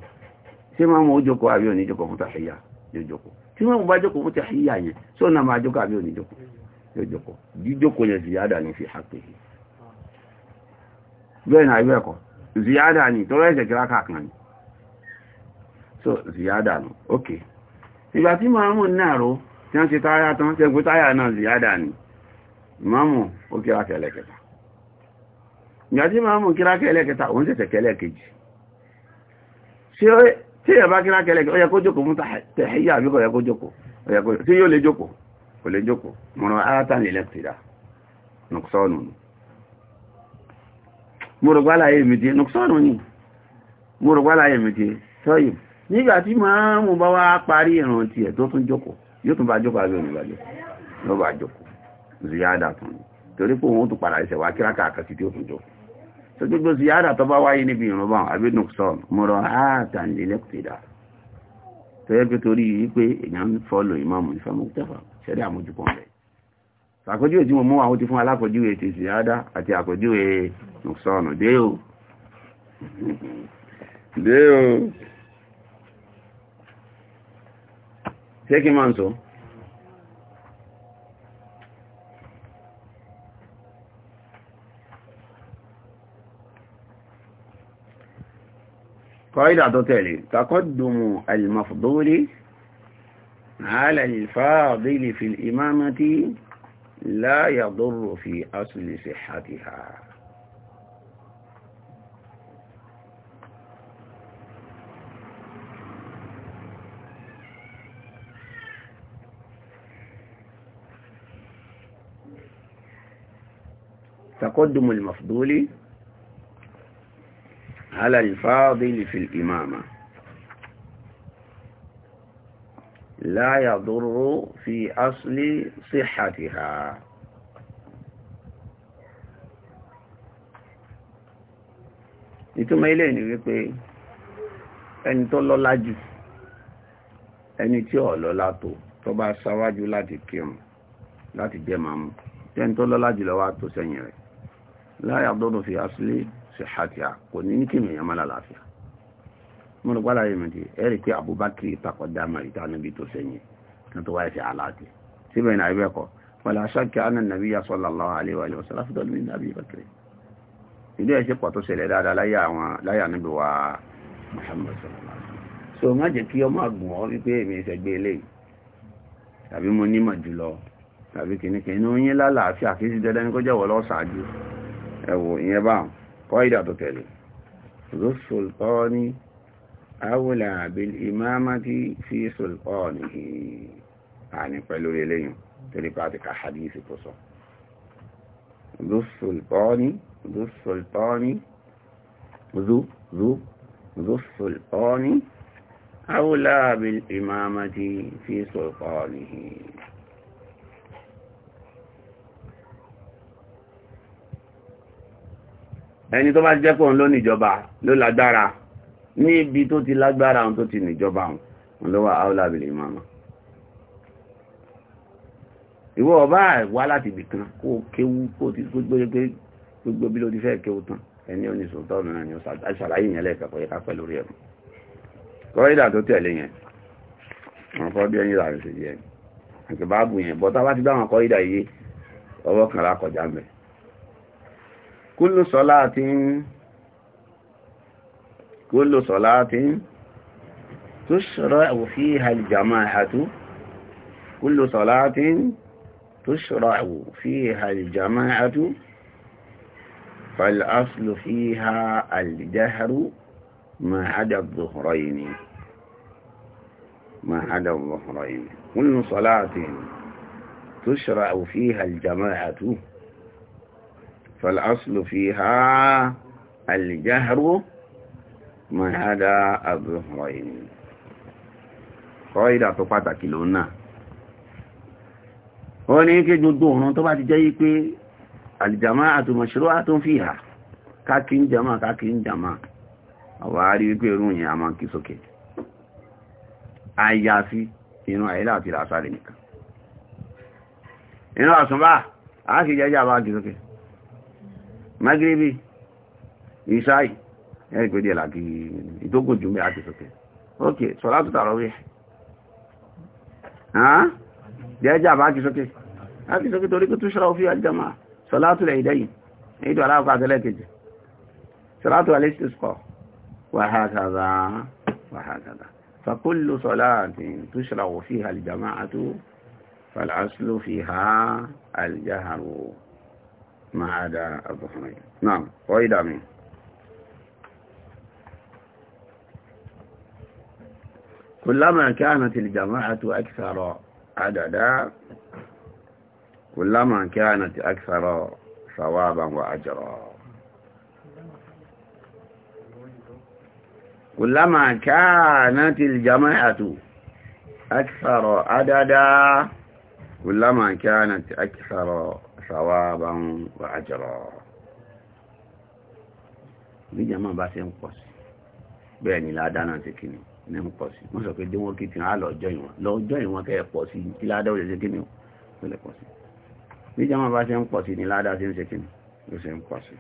ṣé máa mú ó jókòó àbí òní jókòó fún tàṣíyà yóò jókòó tí wọ́n bá jókòó fún tàṣíyà yẹn só náà máa jókòó àbí òní jókòó yóò yẹn ziyada ní fi hàpè bẹ́ẹ̀ na ẹgbẹ́ kan ziyada ní tó rẹ̀ ẹ̀ṣẹ̀ kí rákà kan ni so ziyada ní okay ìgbà tí mọ́mù náà rò tí wọ́n ṣe táyà tán ṣẹ́gbé táyà náà ziyada ni mọ́mù ó kíra kẹlẹ́kẹta ìgbà tí mọ́mù kíra kẹlẹ́kẹta òun ṣẹ̀ṣẹ̀ kẹlẹ́kejì ṣe tí ẹ̀ bá kíra kẹlẹ́kẹta ó yẹ kó jókòó mú tẹ̀híyà àbí kò yẹ kó jókòó tí yóò lè jókòó kò lè jókòó mọ̀rọ̀ áátà ní lẹ́kìtìdá nùkṣọ́nù ni mọ̀rọ̀ gbálàyé mi ti nùkṣọ́nù ni mọ̀rọ̀ nígbà tí máa mú bá wá parí ìrun tiẹ̀ tó tún jókòó yóò tún bá jókòó àbí òní bá bá jókòó ziyada tún ni torí pé òun tún padà ẹsẹ̀ wá kíráka àkàtì tí ó tún jókòó tó gbogbo ziyada tó bá wáyé níbi ìrun bá àbí nùsọ̀n mọ̀rọ̀ àtàndínlẹ́kùtìdá tó yẹ pé torí wípé èèyàn ń fọ́lọ̀ ìmáàmù ìfẹ́mú tẹ́fà ṣẹ́rí àmójúkọ̀ rẹ̀ àkójúwe tí mo mú àwọn ti fún alákòjúwe ti ziyada àti àkójúwe nùsọ̀nù dé o dé o ṣé kí máa ń tó قاعدة تقدم المفضول على الفاضل في الإمامة لا يضر في أصل صحتها تقدم المفضول على الفاضل في الإمامة لا يضر في أصل صحتها ìtumọ̀ ilé ni wípé ẹni tó lọ́lá jù ẹni tí ò lọ́lá tó tó bá sáwájú láti kírun láti jẹ́ màmú tí ẹni tó lọ́lá jù lọ tó sẹ́yìn rẹ̀ láyà dọ́dọ̀ fi asílé sí hàtíà kò ní ní kìmì yẹn mọ́lá láàfíà mọ́lá pàlá yìí mẹ́tì ẹ̀rì pé Abubakar takọ̀dá mẹ́rìtà níbi tó sẹ́yìn kan tó wáyé sí aláàtì síbẹ̀ ní àyíbẹ̀ kọ́ wọ́n aṣáàkì àná nàbí yà sallallahu alaihi wa sallam fúdọ̀ ní nàbí Bakr ìdí ẹ̀ ṣe pọ̀ tó ṣẹlẹ̀ dáadáa láyà níbi wa Muhammad sallallahu alaihi wa sallam so má jẹ́ kí ọmọ àgùn ọ ẹ̀wò ìyẹn bá kọ́ ìdà tó tẹ̀lé ذو السلطان أولى بالإمامة في سلطانه àní pẹ̀lú eléyìn torí pàtíkà hadisi tó sọ ذو السلطان ذو السلطان ذو ذو ذو السلطان أولى بالإمامة في سلطانه ẹni tó bá jẹ́ pọ̀ ló níjọba ló lágbára ní ibi tó ti lágbára ohun tó ti níjọba ohun ló wà áúlábìlì ìmọ̀mà ìwọ ọba wá láti ibì kan kó kéwú kó ti gbogbo bí ló ti fẹ́ kéwú tán ẹni ó ní sòótọ́ mìíràn ni ó ṣàlàyé yẹn lẹ́ẹ̀kẹ́ kọ́ yẹ ká pẹ́ lórí ẹ̀kọ́ kọ́rídà tó tẹ̀lé yẹn wọn kọ́ bí ẹni ìlànà ṣe jẹ́ àti báàbù yẹn bọ́tá bá ti bá wọn kọ́rídà yìí ọwọ́ kan lákọjá mẹ́rin كل صلاة كل صلاة تشرع فيها الجماعة كل صلاة تشرع فيها الجماعة فالأصل فيها الجهر ما عدا الظهرين ما عدا الظهرين كل صلاة تشرع فيها الجماعة فالأصل فيها الجهر ما عدا الظهرين قاعدة pàtàkì lọ́nà ó ní kí gbogbo ọ̀ràn tó bá ti jẹ́ yí pé aljama'atu mashru'atun fiha káàkiri ń ama soke. a soke. magrebi ìṣáì ẹ̀rì pé díẹ̀ làkì ìtógùn jù mẹ́ àti sókè ok sọlá tó tààrọ wí jẹ́jà bá kì sókè láti sókè torí kó tó ṣọ́ra òfin àjẹmà sọlá tó lẹ̀ ìdẹ́yìn èyí tó aláàkọ́ àtẹ́lẹ́kejì sọlá tó فكل صلاة تشرع فيها الجماعة فالأصل فيها الجهر ما عدا أبو حميد نعم وإلى مين كلما كانت الجماعة أكثر عددا كلما كانت أكثر ثوابا وأجرا كلما كانت الجماعة أكثر عددا كلما كانت أكثر sàwábà ń wà ájọ̀rọ̀ níjà máa bá ṣe ń pọ̀ sí bẹ́ẹ̀ ni ládá náà ti kí ni ní ń pọ̀ sí wọ́n sọ pé déwọ́n kí ti hàn lọ́jọ́ ìwọ̀n lọ́jọ́ ìwọ̀n kẹ́ ẹ̀ pọ̀ sí kí ládá ò lè ṣe kí ni ó lè pọ̀ sí níjà máa bá ṣe ń pọ̀ sí ni ládá ṣe ń ṣe kí ni ló ṣe ń pọ̀ sí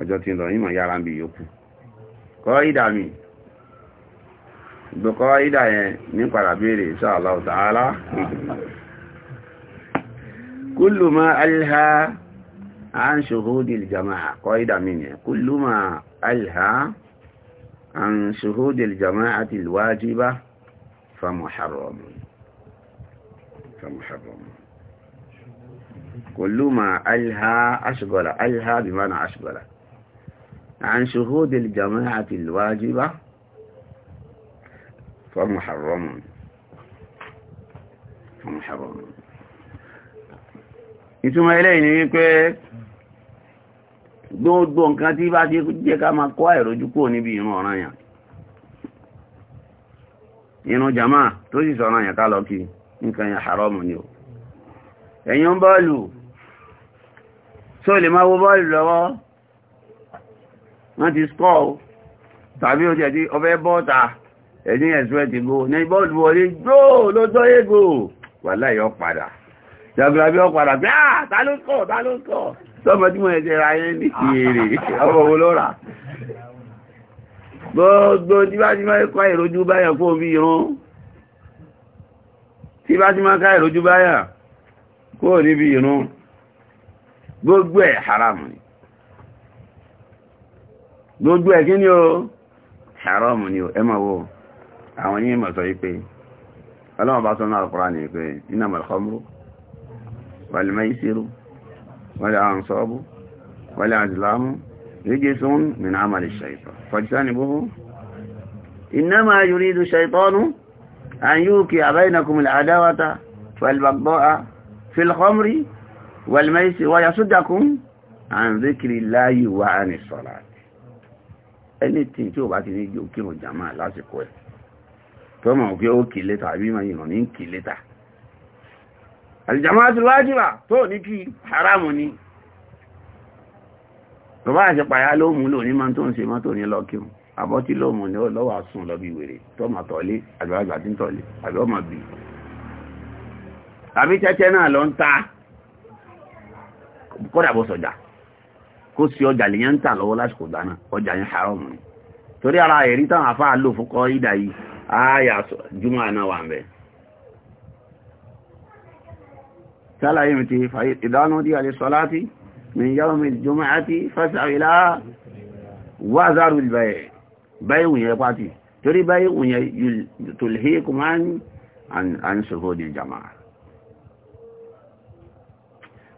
ọjọ́ tí ń lọ yín mọ̀ yára ń bi yòókù kọ́ ìdà mi ìgbòkọ́ ìdà yẹn ní padà béèrè insha Allah ta'ala كل ما ألهى عن شهود الجماعة قائد أمين كل ما ألهى عن شهود الجماعة الواجبة فمحرم فمحرم كل ما ألهى أشغل ألهى بمعنى أشغل عن شهود الجماعة الواجبة فمحرم فمحرم ìtumọ̀ eléyìí ni wípé gbogbo nǹkan tí bá ti jẹ́ ká máa kó àìrójú kúrò níbi ìrun ọ̀ranyàn jama tó sì sọ̀rọ̀ yàn lọ kí nǹkan yẹn ni o ẹ̀yin bọ́ọ̀lù tó lè máa wo bọ́ọ̀lù lọ́wọ́ wọ́n ti skọ́ tàbí o jẹ̀dí ọbẹ̀ bọ́ọ̀ta ẹ̀dín ẹ̀sùn ẹ̀ go ní bọ́ọ̀lù wọlé gbóò ló tọ́ go wà láyọ̀ jàgbàbí ọ̀padà pé àà ah, ta ló kọ̀ ta ló kọ̀ sọ́mọ tí wọ́n ẹ̀jẹ̀ ra yẹn ní kìírí ọmọ wo ló rà gbogbo tí bá ti máa kọ́ ìrojú báyà kó bí irun tí bá ti máa ká ìrojú báyà kó níbi irun gbogbo ẹ̀ haram ni gbogbo ẹ̀ kí ni o haram ni o ẹ máa wo àwọn yìí mọ̀ sọ yìí pé ọlọ́mọba sọ náà Al-Qur'ani pé innamal khamru والميسر والأنصاب والأزلام رجس من عمل الشيطان فاجتنبوه إنما يريد الشيطان أن يوكي بينكم العداوة والبغضاء في الخمر والميسر ويصدكم عن ذكر الله وعن الصلاة ẹni tí tí ó bá ti ní kírun jàmáà lásìkò ẹ̀ tó mọ̀ pé ó kìí létà àbí mọ̀ yìí rọ̀ ní kìí létà aljamaatu wájúwà tó ní kí haramu ni tó bá ṣe pàyà lóòmù lò ní máa tó ń ṣe máa tó ní lọ́kíun àbọ́tí lóòmù ni ó lọ́wọ́ sùn lọ bí wèrè tó ma tọ̀lé àgbàgbà tí ń tọ̀lé àbí ọmọ bì àbí tẹ́tẹ́ náà lọ ń ta kódà bó sọjà kó sí ọjà lèyàn ń tà lọ́wọ́ lásìkò dáná ọjà yẹn haramu ni torí ara ẹ̀rí táwọn afáà lò fún kọ́ ìdá yìí ááyà jùmọ̀ náà wà ń bẹ́ẹ̀ sálàyé mi ti ìdánú dí àlèsọ́láti min yawmi al-jumu'ati fásitì ilá wázáàrù ìbẹ̀ẹ̀ báyìí wùnyẹ pàtì torí báyìí wùnyẹ tulhikum an shuhudi jama'a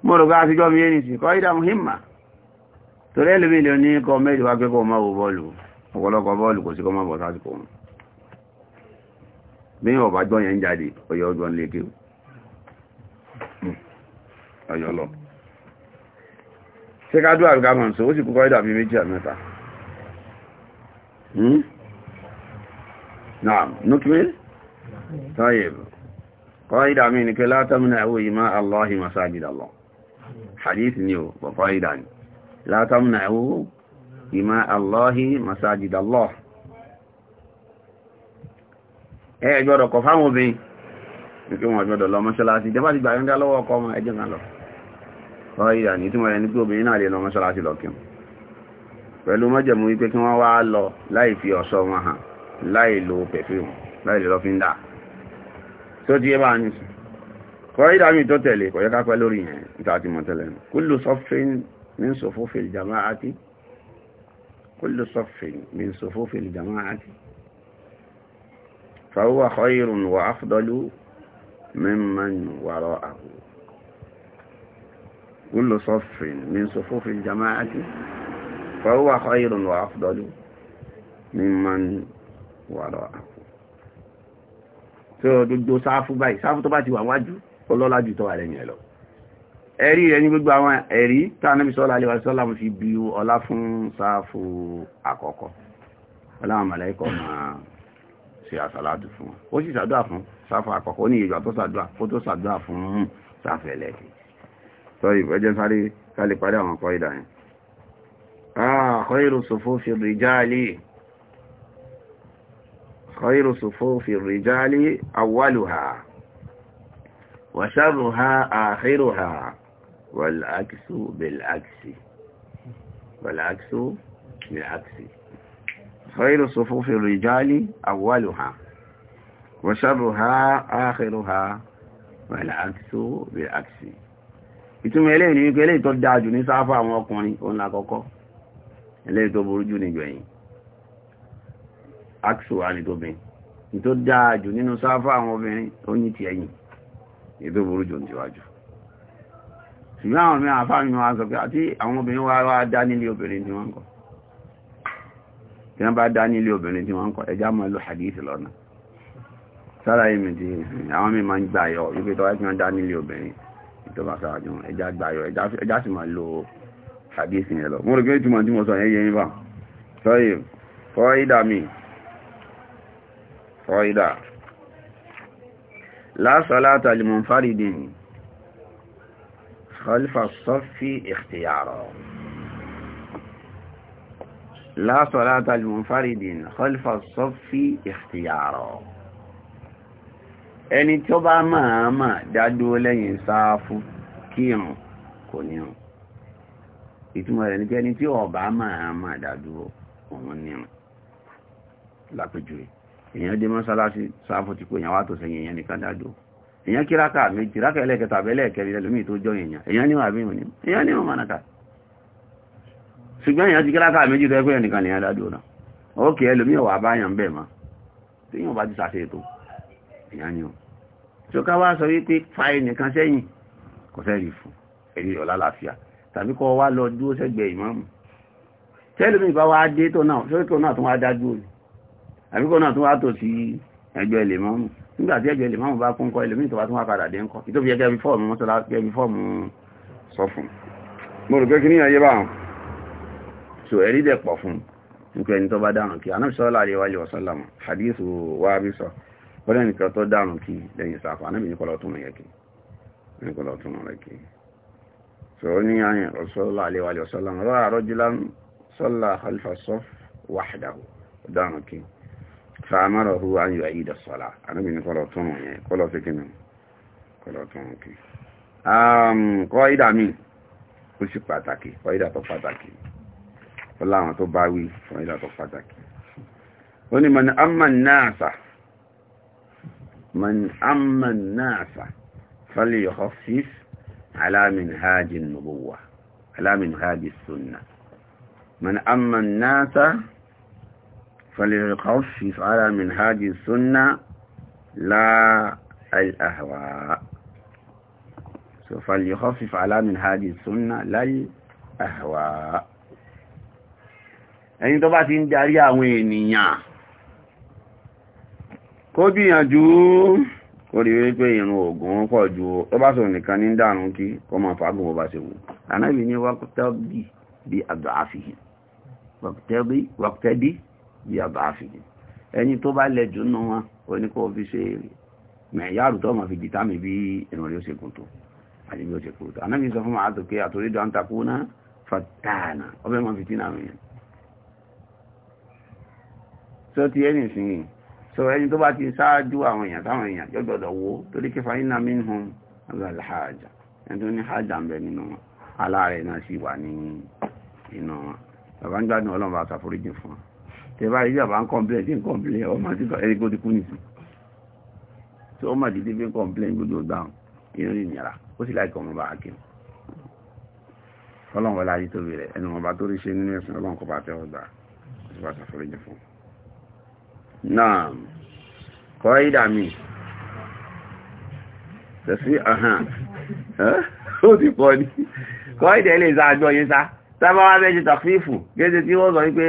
mọ́rọ̀ bá fi jọmi yẹni sí kọ́ ìdá muhimma torí ẹlùmí ilẹ̀ ní kọ mẹ́jọ wá kẹ́kọ̀ọ́ máa wo bọ́ọ̀lù ọ̀pọ̀lọpọ̀ bọ́ọ̀lù kò sí kọ́ máa bọ̀ sásìkò wọn bí wọ́n bá gbọ́yẹn jáde ọyọ́ ọdún lékèwò ayọ̀ lọ ṣé ká dúró àbíká mọ̀ nsọ ó sì kú kọ́ídà bíi méjì àmẹ́ta náà hmm? núkìmí tayib kọ́ídà mi ni pé látàmínà ẹ̀wọ̀ yìí má aláhi masajid Allah hadith ni o pọ̀ kọ́ídà ni látàmínà ẹ̀wọ̀ yìí má aláhi masajid Allah ẹ gbọ́dọ̀ kọ̀ fáwọn obìnrin nítorí wọn gbọ́dọ̀ lọ mọ́ṣáláṣí ọ̀yà ní tí wọ́n ẹni pé obìnrin náà lè lọ mọ́ṣáláṣí lọ kí wọn pẹ̀lú mọ́jẹ̀mú wípé kí wọ́n wá lọ láì fi ọ̀ṣọ́ wọn hàn láì lo pẹ̀fíùm láì lè lọ fi ń dà tó ti yé bá ní sùn kọ́ ìdá mi tó tẹ̀lé kọ̀ yẹ ká pẹ́ lórí yẹn níta ti mọ̀ tẹ́lẹ̀ kullu saffin min sufufil jama'ati kullu saffin min sufufil jama'ati fa huwa khayrun wa afdalu mimman wara'ahu كل صف من صفوف الجماعة فهو خير وأفضل ممن وراءه tí ó gbogbo sáfú báyìí sáfú tó bá ti wà wájú ọlọ́lá jù tó wà lẹ́yìn ẹ̀ lọ ẹ̀rí rẹ̀ ní gbogbo àwọn ẹ̀rí tánàbí sọ́lá alẹ́wà sọ́lá fi bí ọlá fún sáfú àkọ́kọ́ ọláwọn mọ̀lẹ́kọ̀ máa ṣe àsàlátù fún wọn ó sì ṣàdúà fún sáfú àkọ́kọ́ ó ní ìjọ tó ṣàdúà fún sáfú ẹlẹ́kẹ̀ẹ́ طيب أجلس علي قال لي عليها من طويلة يعني. آه خير صفوف الرجال خير صفوف الرجال أولها وشرها آخرها والعكس بالعكس والعكس بالعكس خير صفوف الرجال أولها وشرها آخرها والعكس بالعكس ìtumọ̀ eléyìí ni wípé eléyìí tó dáa jù ní sáfà àwọn ọkùnrin òun lákọ́kọ́ eléyìí tó burú jù nígbẹ̀yìn axo anitobin tó dáa jù nínú sáfà àwọn obìnrin ó ní ti ẹ̀yìn ètò burú jù níwájú ṣùgbọ́n àwọn mìíràn àfáà wa wá dá nílé obìnrin tí wọ́n ń kọ́ tí wọ́n bá dá nílé obìnrin tí wọ́n ń kọ́ ẹjá mọ́ lọ hadith sára yìí àwọn mìíràn máa ń gbà yọ wípé tọ́wọ́ tí obìnrin tó bá sáájú ẹjá gbáyọ ẹjá sì máa lo hadisi yẹn lọ mo rò pé ìtumọ̀ tí mo sọ yẹn yẹn yín bá sọ́yì fọ́ídà mi fọ́ídà la salata limunfaridin khalfa saffi ikhtiyara la salata limunfaridin khalfa saffi ikhtiyara ẹni tí ó bá máa máa lẹ́yìn sáfú kí irun kò ní irun ìtumọ̀ rẹ̀ ní kí ẹni tí ọba máa máa dádúró òun ní irun lápẹjùwe èèyàn dé mọ́sálásí sáfú ti kó èèyàn wá tó sẹ́yìn èèyàn nìkan èèyàn kí méjì ẹlẹ́kẹta ṣùgbọ́n èèyàn ti kí méjì tó ókè bẹ́ẹ̀ tí bá ti ètò èèyàn tí ó ká wá sọ wípé fa ẹnìkan sẹ́yìn kò sẹ́rì fún ẹ̀rí ọ̀lá láfíà tàbí kọ́ wá lọ dúró sẹ́gbẹ̀ẹ́ ìmáàmù tẹ́lùmí ìbá wá dé tó náà sórí tó náà tún wá dájú òní àbí kó náà tún wá tò sí ẹgbẹ́ ilé mọ́mù nígbà tí ẹgbẹ́ ilé mọ́mù bá kún kọ́ ẹlòmíì tó bá tún wá padà dé ńkọ́ ìtòfi ẹgbẹ́ ibi fọ́ọ̀mù mọ́sọ́lá ẹgbẹ́ ibi fọ́ọ̀mù sọ fún mo rò pé kí níyàn yé bá wọn so ẹ̀rí dẹ̀ pọ̀ fún nípa ẹni tó bá dáhùn kí anábìsọ́lá àríwá ilé ọ̀sán lámà hadithu wa abisọ bọ́lá nìkan tó dárùn kí lẹ́yìn sáfà níbi ní kọlọ̀ túnmù yẹn kí ní kọlọ̀ túnmù rẹ̀ kí so ó ní àyìn ọ̀sọ́lá àlewàlè ọ̀sọ́lá rọ́ àrọ́júlá sọ́lá alifasọ́ wàhádàwò dárùn kí fàmàrọ̀ hu ayò àyídà sọ́lá níbi ní kọlọ̀ túnmù yẹn kọlọ̀ sí kí kọlọ̀ túnmù kí kọ́ ìdá um, mi ó sì pàtàkì kọ́ ìdá tó pàtàkì ó láwọn tó bá wí kọ́ ìdá من أم الناس فليخفف على منهاج النبوة على منهاج السنة من أم الناس فليخفف على منهاج السنة لا الأهواء فليخفف على منهاج السنة لا الأهواء ẹni tó bá وينيا kó gbìyànjú kó rí wípé ìrun ògùn pọ̀ ju tó bá sọ nìkan ní dànù kí kó máa fàágùn bó bá ṣe wù anábì ní wákútẹ́bì bí àgbàáfìhì wákútẹ́bì bí àgbàáfìhì ẹni tó bá lẹ jù nù wọn ó ní kó fi ṣe mẹ̀yàrù máa fi dìtà mi bí ìrun rí ó ṣe kù tó àti bí ó ṣe kù tó anábì sọ fún màá pé náà so ẹni tó bá ti ṣáájú àwọn èèyàn táwọn èèyàn yóò gbọdọ̀ wo torí kí fàyínà minhum alhaja ẹni tó ní hajjá ń bẹ nínú wọn aláàrẹ náà sì wà ní inú wọn bàbá ń gbádùn ọlọ́run bá ṣàforíjì fún wọn tẹ bá rí bàbá ń kọ́ńplẹ̀ tí ń kọ́ńplẹ̀ ọmọ tí ẹni kó ti kú nìsín tí ọmọ ti ti fi ń tó rí ṣe nínú ẹ̀sìn ọlọ́run kọ́ bá tẹ́wọ́ gbà ó sì fún wọn نعم قاعدة مين تصفيق أها ها ó ti pọ̀ ní kọ́ ìdẹ̀ ilé ìsáàjọ́ yìí sá sábà wá méjì tàfífù gẹ́gẹ́ tí wọ́n sọ wípé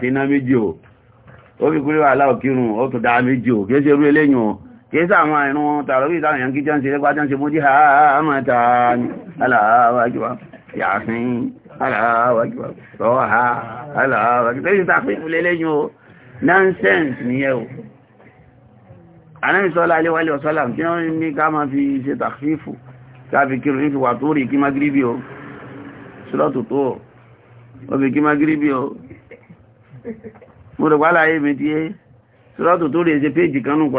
ti ná méjì o ó fi kúrò o o kìí sáwọn ìrún tààrọ̀wí ìsáwọn yankí jẹ́ ń ṣe lẹ́gbá ha nonsense nìyẹn o anẹ́mìsọ́lá aléwálé ọ̀sọ́lá kí wọ́n ní ká máa fi ṣe tàfífù káàfi kí ní fi wà tó rí kí má gíríbì o ṣúlọ́tù tó o fi kí má gíríbì o mo rò pálá ayé mi ti yé ṣúlọ́tù tó rí ṣe péjì kan nù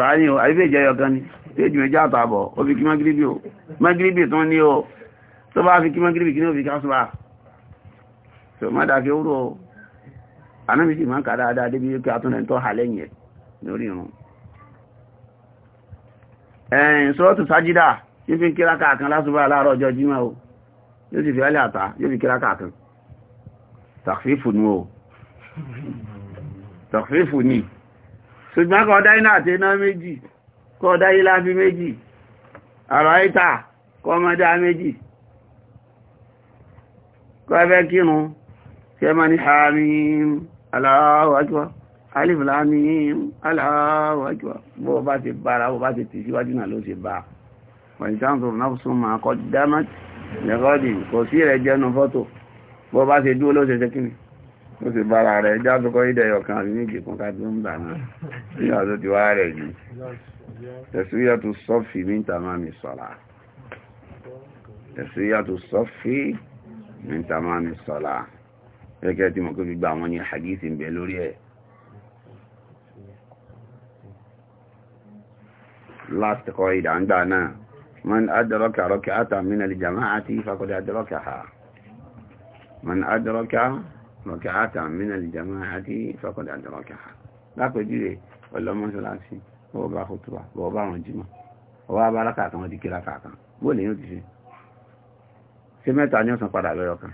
ní o anábi sì máa kà dáadáa débi wípé atúnlẹ̀ tó hà lẹ́yìn ẹ̀ lórí irun ẹ̀yìn sọ́ọ̀tù sájídà yóò fi kíra kàkan lásùbà láàárọ̀ ọjọ́ jímọ̀ o yóò sì fi alẹ́ àtà yóò fi kíra kàkan tàfífù ní o tàfífù ní ṣùgbọ́n kọ́ dáínà àti iná kírun kí ẹ ní ààrin Allahu akbar alif lam mim Allahu akbar bó bá ti bára bó bá ti tì síwájú náà ló ṣe bá wọ́n ìṣàǹtò náà sún máa kọ́ dámàt lẹ́kọ́dì kò sí rẹ̀ jẹ́nu fọ́tò bó bá ṣe dúró ló ṣe ṣe kíni ó sì bára rẹ̀ já tó kọ́ ìdẹ̀ ọ̀kan àti méjì fún mi sọ̀lá gẹ́gẹ́ tí mo kó fi gba àwọn ní hadith ń bẹ lórí ẹ̀ last kọ ìdàǹgbà náà man adraka rak'atan min al-jama'ati faqad adrakaha man adraka rak'atan min al-jama'ati faqad adrakaha lápẹjúre ọlọ́mọ́sọ́láṣí bọ́ọ̀ bá kò tó wà bọ́ọ̀ bá wọn jímọ̀ ọwọ́ abárákà kan wọ́n ti kíra kàkan bóòlù ti ṣe mẹ́ta ní ọ̀sán padà lọ́yọ̀ kan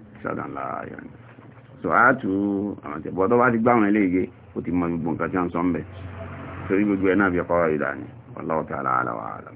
sádànlá ayọ̀ ni so a tù àwọn tẹ̀bọ́ tó bá ti gbáwọn eléyìí ó ti mọ gbogbo nǹkan tí wọ́n sọ ń bẹ̀ torí gbogbo ẹ̀ náà fi kọ́ ìdá ni wallahu ta'ala a'lam